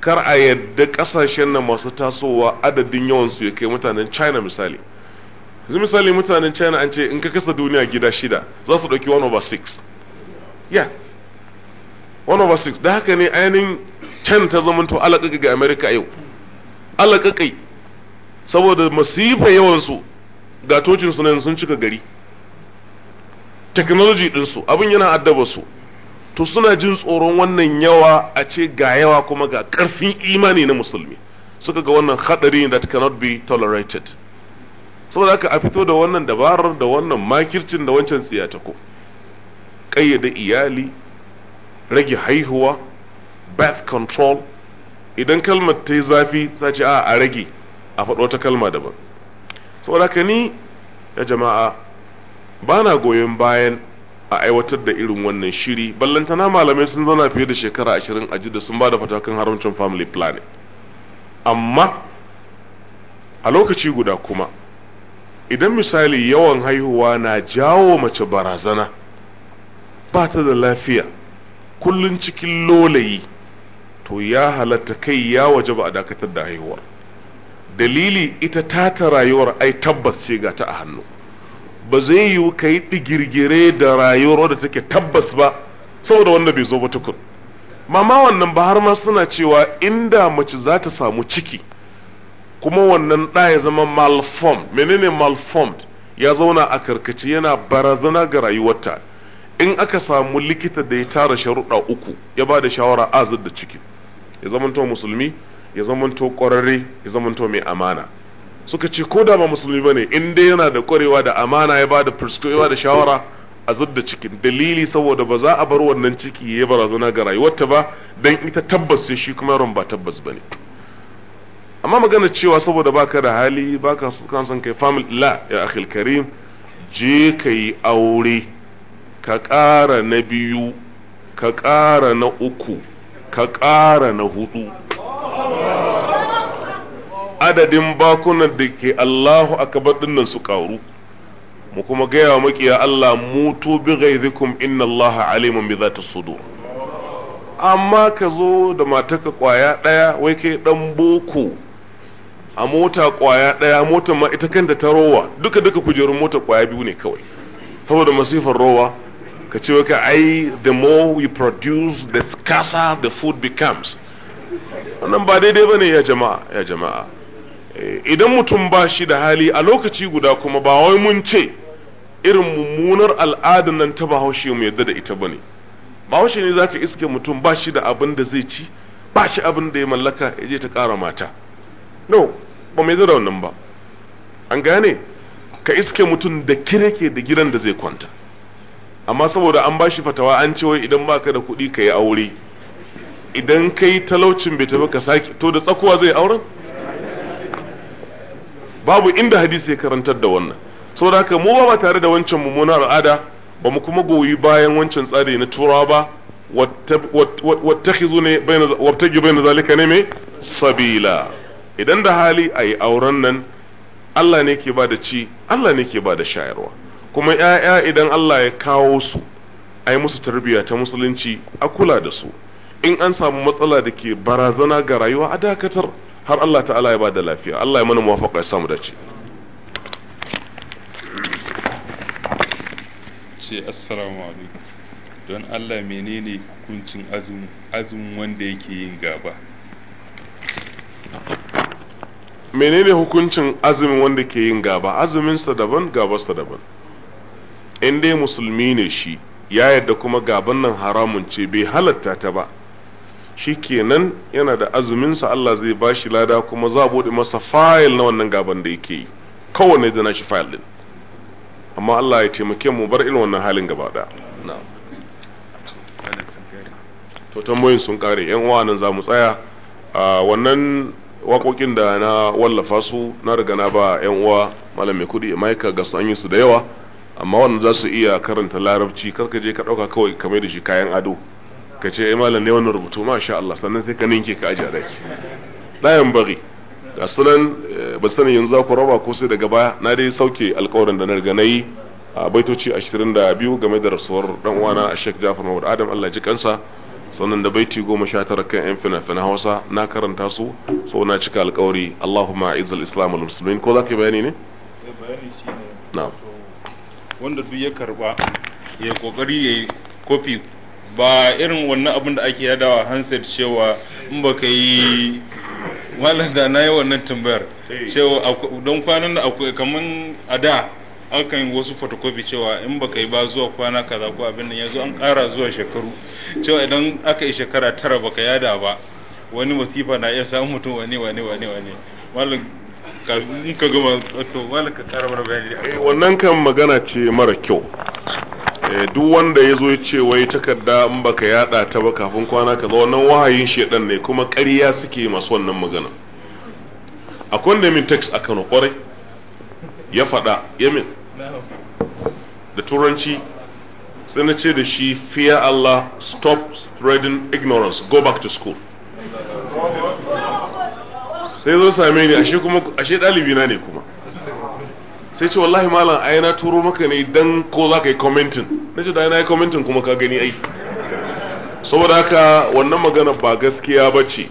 kar a yadda kasashen nan masu tasowa adadin yawan su ya kai mutanen China misali yanzu misali mutanen China an ce in ka kasa duniya gida shida za su ɗauki 1 over 6 ya yeah. 1 over 6 da haka ne ainihin can ta zamanto alaƙaƙa ga amerika yau alaƙaƙai saboda masifa yawansu ga tocin sunan sun cika gari technology ɗinsu abin yana addaba su to suna jin tsoron wannan yawa a ce ga yawa kuma ga ƙarfin imani na musulmi suka ga wannan haɗari that cannot be tolerated saboda haka a fito da wannan dabarar da wannan makircin da wancan tsiyatako ƙayyade iyali rage haihuwa birth control idan kalmar ta yi zafi za ce a a rage a faɗo ta kalma daban saboda ka ni ya jama'a ba na goyon bayan a aiwatar da irin wannan shiri ballantana malamai sun zauna fiye da shekara ashirin a jidda sun ba da fatakan haramcin family planning amma a lokaci guda kuma idan misali yawan haihuwa na jawo mace barazana ba ta da lafiya kullum cikin lolayi to ya halatta kai ya waje ba a dakatar da haihuwar dalili ita tata rayuwar ai tabbas ce ga ta a hannu ba zai yiwu ka yi digirgire da rayuwar da take tabbas ba saboda wanda bai zo ba tukun mama wannan ba har ma suna cewa inda mace za ta samu ciki kuma wannan ɗa ya zama malformed menene malformed ya zauna a karkace yana barazana ga rayuwarta in aka samu likita da ya tara sharuɗa uku ya ba da shawara azar da ciki. ya zamanto musulmi ya zamanto ƙwararre ya zamanto mai amana suka ce ko da ba musulmi bane in dai yana da ƙwarewa da amana ya ba da firskowa da shawara a zudda cikin dalili saboda ba za a bar wannan ciki ya barazana ga rayuwarta ba dan ita tabbas sai shi kuma yaron ba tabbas bane amma magana cewa saboda baka da hali baka kan san kai family la ya akhil karim je kai aure ka ƙara na biyu ka ƙara na uku ka ƙara na hudu adadin bakunan da ke Allahu akabar dinnan su ƙaru mu kuma gaya wa makiya Allah mutu bi ghairikum inna Allah alimun bi zati sudur amma ka zo da mataka kwaya ɗaya wai kai ɗan boko a mota kwaya ɗaya mota ma ita kanta ta rowa duka duka kujerun mota kwaya biyu ne kawai saboda masifar rowa ka ce waka ai the more we produce the scarcer the food becomes wannan ba daidai ba ne ya jama'a ya jama'a eh, idan mutum ba shi da hali a lokaci guda kuma ba wai mun ce irin mummunar al'adun nan ta bahaushe mu yadda da ita ba ne bahaushe ne zaka iske mutum ba shi da abin da zai ci ba shi abin da ya mallaka ya je ta kara mata no ba mai da wannan ba an gane ka iske mutum da kire da gidan da zai kwanta amma saboda an bashi fatawa an ce wai idan baka da kuɗi ka yi aure idan kai talaucin bai tafi ka sake to da tsakuwa zai auren babu inda hadisi ya karantar da wannan saboda haka mu ba ba tare da wancan mummunar al'ada ba mu kuma goyi bayan wancan tsari na turawa ba wattakhizu ne wabtagi bayna zalika ne mai sabila idan da hali ayi auren nan Allah ne ke ba da ci Allah ne ke ba da shayarwa kuma ‘ya'ya idan Allah ya kawo su a yi musu tarbiyya ta musulunci a kula da su in an samu matsala da ke barazana ga rayuwa a dakatar har Allah ta'ala ya ba da lafiya Allah ya mana mawafaka ya samu dace ce assalamu alaikum don Allah menene hukuncin azumin wanda yake yin gaba menene hukuncin azumin wanda ke yin gaba azuminsa daban gabarsa daban in dai musulmi ne shi ya yadda kuma gaban nan haramun ce bai halatta ta ba shi kenan yana da azuminsa Allah zai ba shi lada kuma za a buɗe masa fayil na wannan gaban da yake yi kowane da nashi fayil din amma Allah ya taimake mu bar irin wannan halin gaba da to tambayoyin sun kare yan uwa nan za mu tsaya a wannan wakokin da na wallafa su na riga na ba yan uwa malam mai kudi maika ga sanyi su da yawa amma wannan za su iya karanta larabci karka je ka ɗauka kawai ka mai da shi kayan ado ka ce ai malam ne wannan rubutu ma sha Allah sannan sai ka ninke ka aje a daki ɗayan bari ga sunan eh, ba sanin yanzu za ku raba ko sai daga baya na dai sauke alƙawarin da na riga na yi a baitoci biyu game da rasuwar dan uwana a Sheikh Jafar Mahmud Adam Allah ji kansa sannan da baiti goma sha tara kan yan fina-finan Hausa na karanta su so na cika alƙawari Allahumma izzal islam al muslimin ko za ka yi bayani ne? Eh, bayani shi ne. wanda duk ya karba ya kokari ya yi kofi ba irin wannan abin da ake yadawa handset cewa in ba ka yi malam da na yi wannan tambayar eh. cewa don kwanan da akwai kamar a da akan wasu fotokofi cewa in ba ka yi ba zuwa kwana kaza ko abin nan zo an ƙara zuwa shekaru cewa idan aka yi shekara tara ba ka yada ba wani masifa na iya samun mutum wane wane wane wane in ka eh, wannan kan magana ce mara kyau eh, duk wanda ya zo ya ce wai takarda in baka yada ta ba kafin kwana ka zo wannan wahayin shedan ne kuma ƙarya suke masu wannan magana akwai wanda min text a Kano kwarai ya faɗa ya min da turanci sai na ce da shi fear Allah stop spreading ignorance go back to school sai zo same ni ashe kuma ashe dalibi na ne kuma sai ce wallahi malam ai na turo maka ne dan ko za ka yi commenting na ce da na yi commenting kuma ka gani ai saboda haka wannan magana ba gaskiya ba ce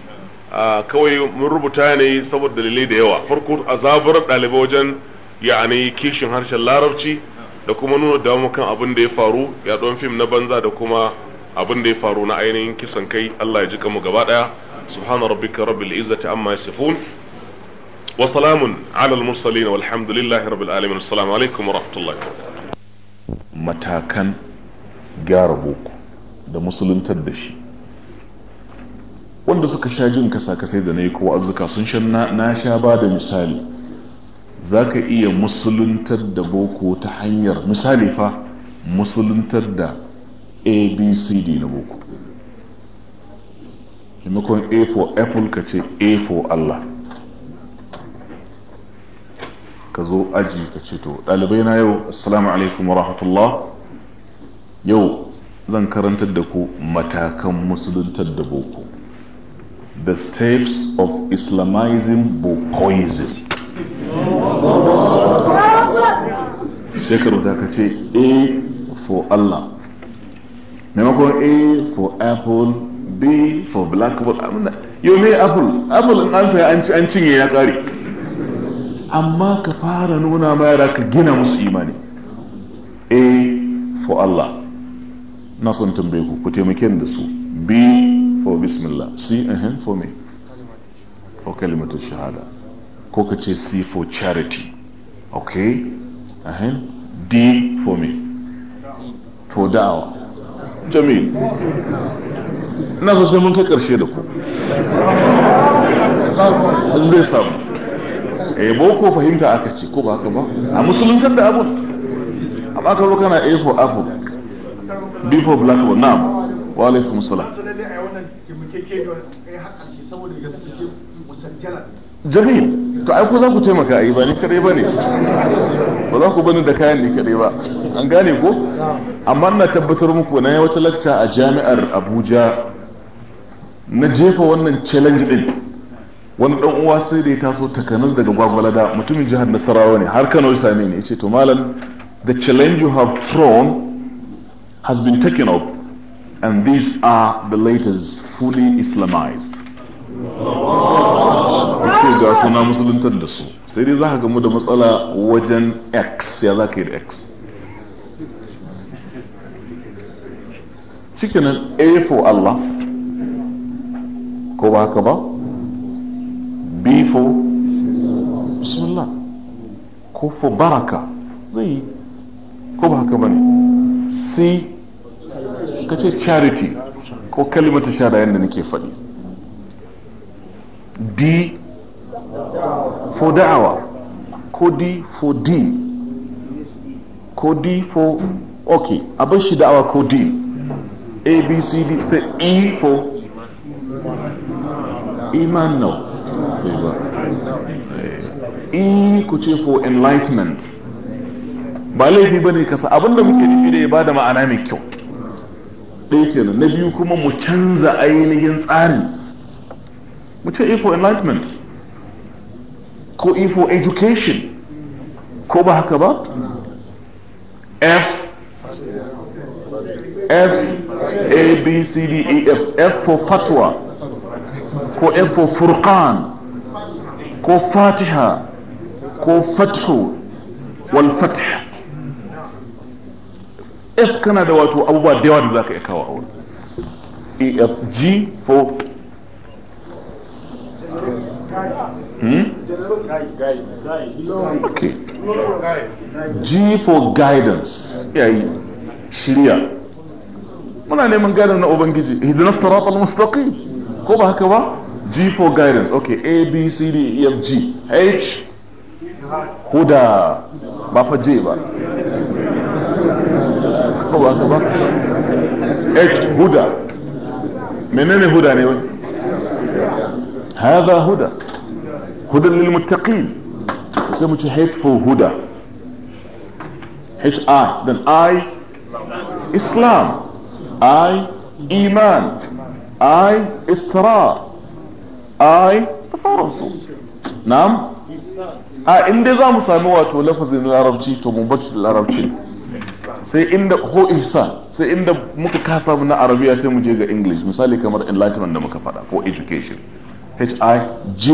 kawai mun rubuta ne saboda dalilai da yawa farko azabar dalibai ɗalibai wajen ya'ani kishin harshen larabci da kuma nuna damu kan abin da ya faru yaɗon fim na banza da kuma abin da ya faru na ainihin kisan kai Allah ya ji mu gaba ɗaya subhana rabbika rabbil izzati amma yasifun wa salamun ala walhamdulillahi rabbil alamin matakan gyara boko da musuluntar da shi wanda suka sha jin kasa kasai da na yi kowa azuka sun sha na sha ba da misali za ka iya musuluntar da boko ta hanyar misali fa musuluntar da abcd na boko maimakon a for apple ka ce a for Allah ka zo aji ka ce to ɗalibai na yau assalamu alaikum rahmatullah yau zan karantar da ku matakan musuluntar da boko the steps of islamizing bokoism shekaru ta ka ce a for Allah maimakon a for apple day for blackboard amina yau me apple apple in an saya an cinye ya kare amma ka fara nuna ma yara ka gina musu imani a for Allah na son tambaye ku ku taimake da su b for bismillah c uh for me for kalimatar shahada ko ka ce c for charity okay uh d for me for da'awa jamil ina so sai mun kai karshe da ku in zai samu eh boko fahimta aka ce ko ba haka ba a musuluntar da abu a baka zo kana a for apple b for black ba na'am wa alaikum salam jamil to ai ku za ku taimaka ai ba ni kadai ba ne ba za ku bani da kayan ni kadai ba an gane ko amma na tabbatar muku na wata lakta a jami'ar abuja na jefa wannan challenge din wani dan uwa sai da ya taso takanas daga gwagwalada mutumin jihar nasarawa ne har kano ya same ni yace to malam the challenge you have thrown has been taken up and these are the latest fully islamized ce ga suna musuluntar da su sai dai za ka gamu da matsala wajen x ya za ka yi da x cikinan a for Allah ko ba haka ba b for bismillah ko for baraka zai yi ko ba haka ba ne c ka ce charity ko kalimata shada yadda nake faɗi d for da'awa kudi for din kudi for okay abin shi da'awa ko din a b c d sai e for iman no e ku ce for enlightenment ba laifi bane kasa abinda muke nufi da ya bada ma'ana mai kyau ɗaya kenan na biyu kuma mu canza ainihin tsari mu ce e for enlightenment ko e for education ko ba haka ba f f a b c d e f f for fatwa ko f for furqan ko fatiha ko fathu wal fatih f kana da wato abubuwa da yawa da za ka iya kawo a wani e f g for Hmm? G for guidance. Yayi shirya. Muna neman guidance na Ubangiji. Ihdina siratal mustaqim. Ko ba haka ba? G for guidance. Okay, A B C D E F G H huda ba fa J ba. Ko ba haka ba? H huda. Menene huda ne wai? Hada huda. hudan lil sai mu ce h for huda h i dan i islam i iman i isra i da sauransu na'am a inda za mu sami wato lafazin larabci to mu bar da larabci sai inda ho ihsan sai inda muka kasa na arabiya sai mu je ga english misali kamar enlightenment da muka faɗa ko education h i j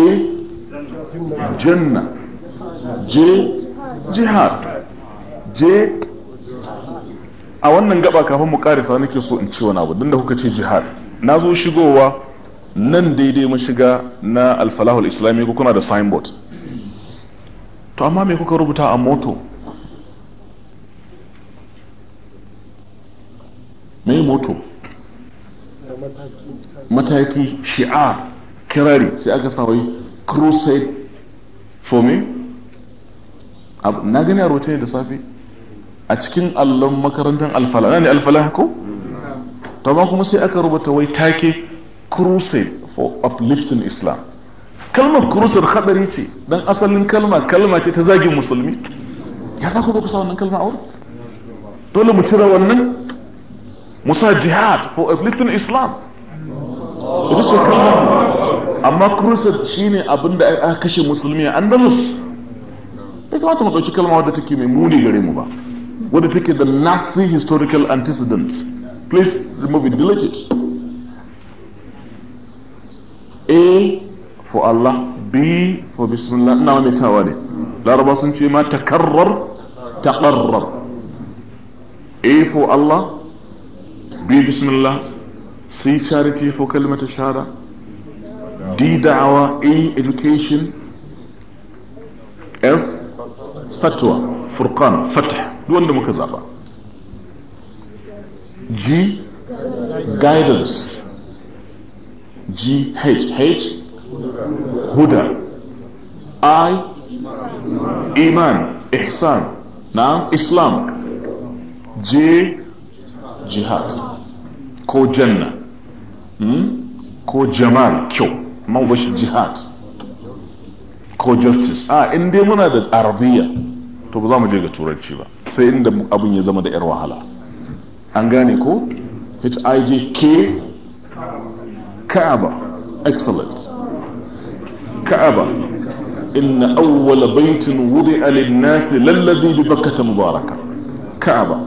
janna je جهاد je a wannan gaba kafin mu karisa nake so in ci wani abu kuka ce jihad na zo shigowa nan daidai mashiga na alfalahul islami ko kuna da signboard to amma me kuka rubuta a moto me moto mataki shi'a kirari sai aka sawai crusade for me na gani a rote da safe a cikin allon makarantar alfala ne alfala ko to ma kuma sai aka rubuta wai take crusade for uplifting islam kalmar crusade hadari ce dan asalin kalma kalma ce ta zagin musulmi ya za ku ba ku sa wannan kalma a wurin dole mu cire wannan musa jihad for uplifting islam ita ce kan amma crusade shi abin da aka kashe musulmi a andalus ta kamata mu ɗauki kalma wadda take mai muni gare mu ba wadda take da nasi historical antecedent please remove it delete it a for allah b for bismillah ina tawa ne laraba sun ce ma takarrar takarrar a for allah b bismillah sai yi charity ko kalmata shara d da'awa a e education f fatwa furqan fatah wanda muka zaba g guidance g h h huda i iman ihsan na islam j jihad ko janna Hmm? ko jamal kyau man bashi jihad ko justice a ah, in dai muna da arabiya to ba za mu je ga turanci ba sai inda abin ya zama da yar wahala an gane ko hijk ka'aba excellent ka'aba inna awwala baitin wudi'a lin-nasi lalladhi bi bakkata mubaraka ka'aba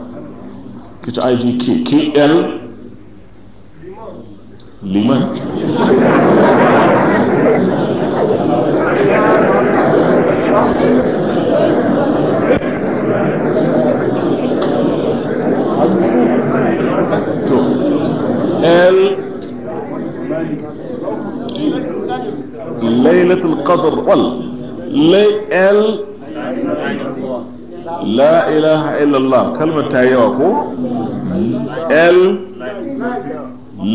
hijk kl لمن قال ليلة القدر لي ال لا إله إلا الله كلمة تايوكو ال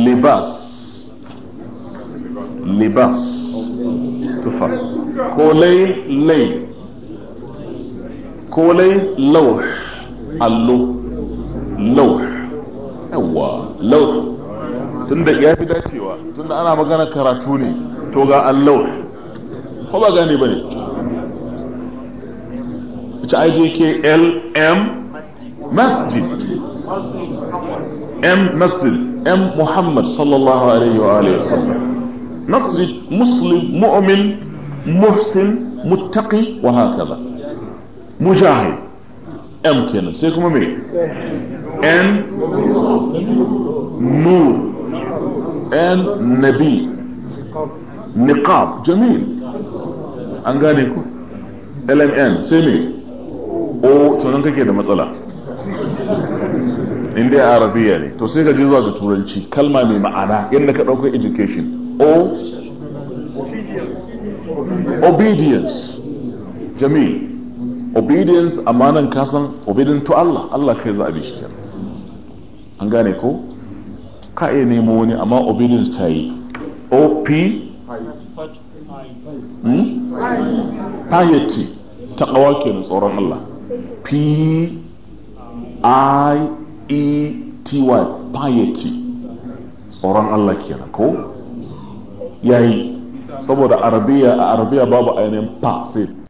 لباس libas tufa ko lai lai lauh allo lauh yawa lauh tunda ya fi dacewa tunda ana magana karatu ne to ga allo ko ba gane ba ne ita ajk m masjid m masjid m muhammad sallallahu alaihi wa alihi wasallam نص مسلم مؤمن محسن متقي وهكذا مجاهد ام كده سيكم مين ان نور ان نبي نقاب جميل an gane ku lmn sai me o tunan kake da matsala inda ne to sai ka je zuwa ga turanci kalma mai ma'ana yadda ka ɗauka education O, obedience jamil obedience amanan kasan obedient to Allah Allah kai za a bi shi an gane ko ka iya nemo wani amma obedience ta yi op hmm? piety ta kawa kenan tsoron Allah p i e t y piety tsoron Allah kenan ko yayi saboda arabiya a arabiya babu ainihin fa sai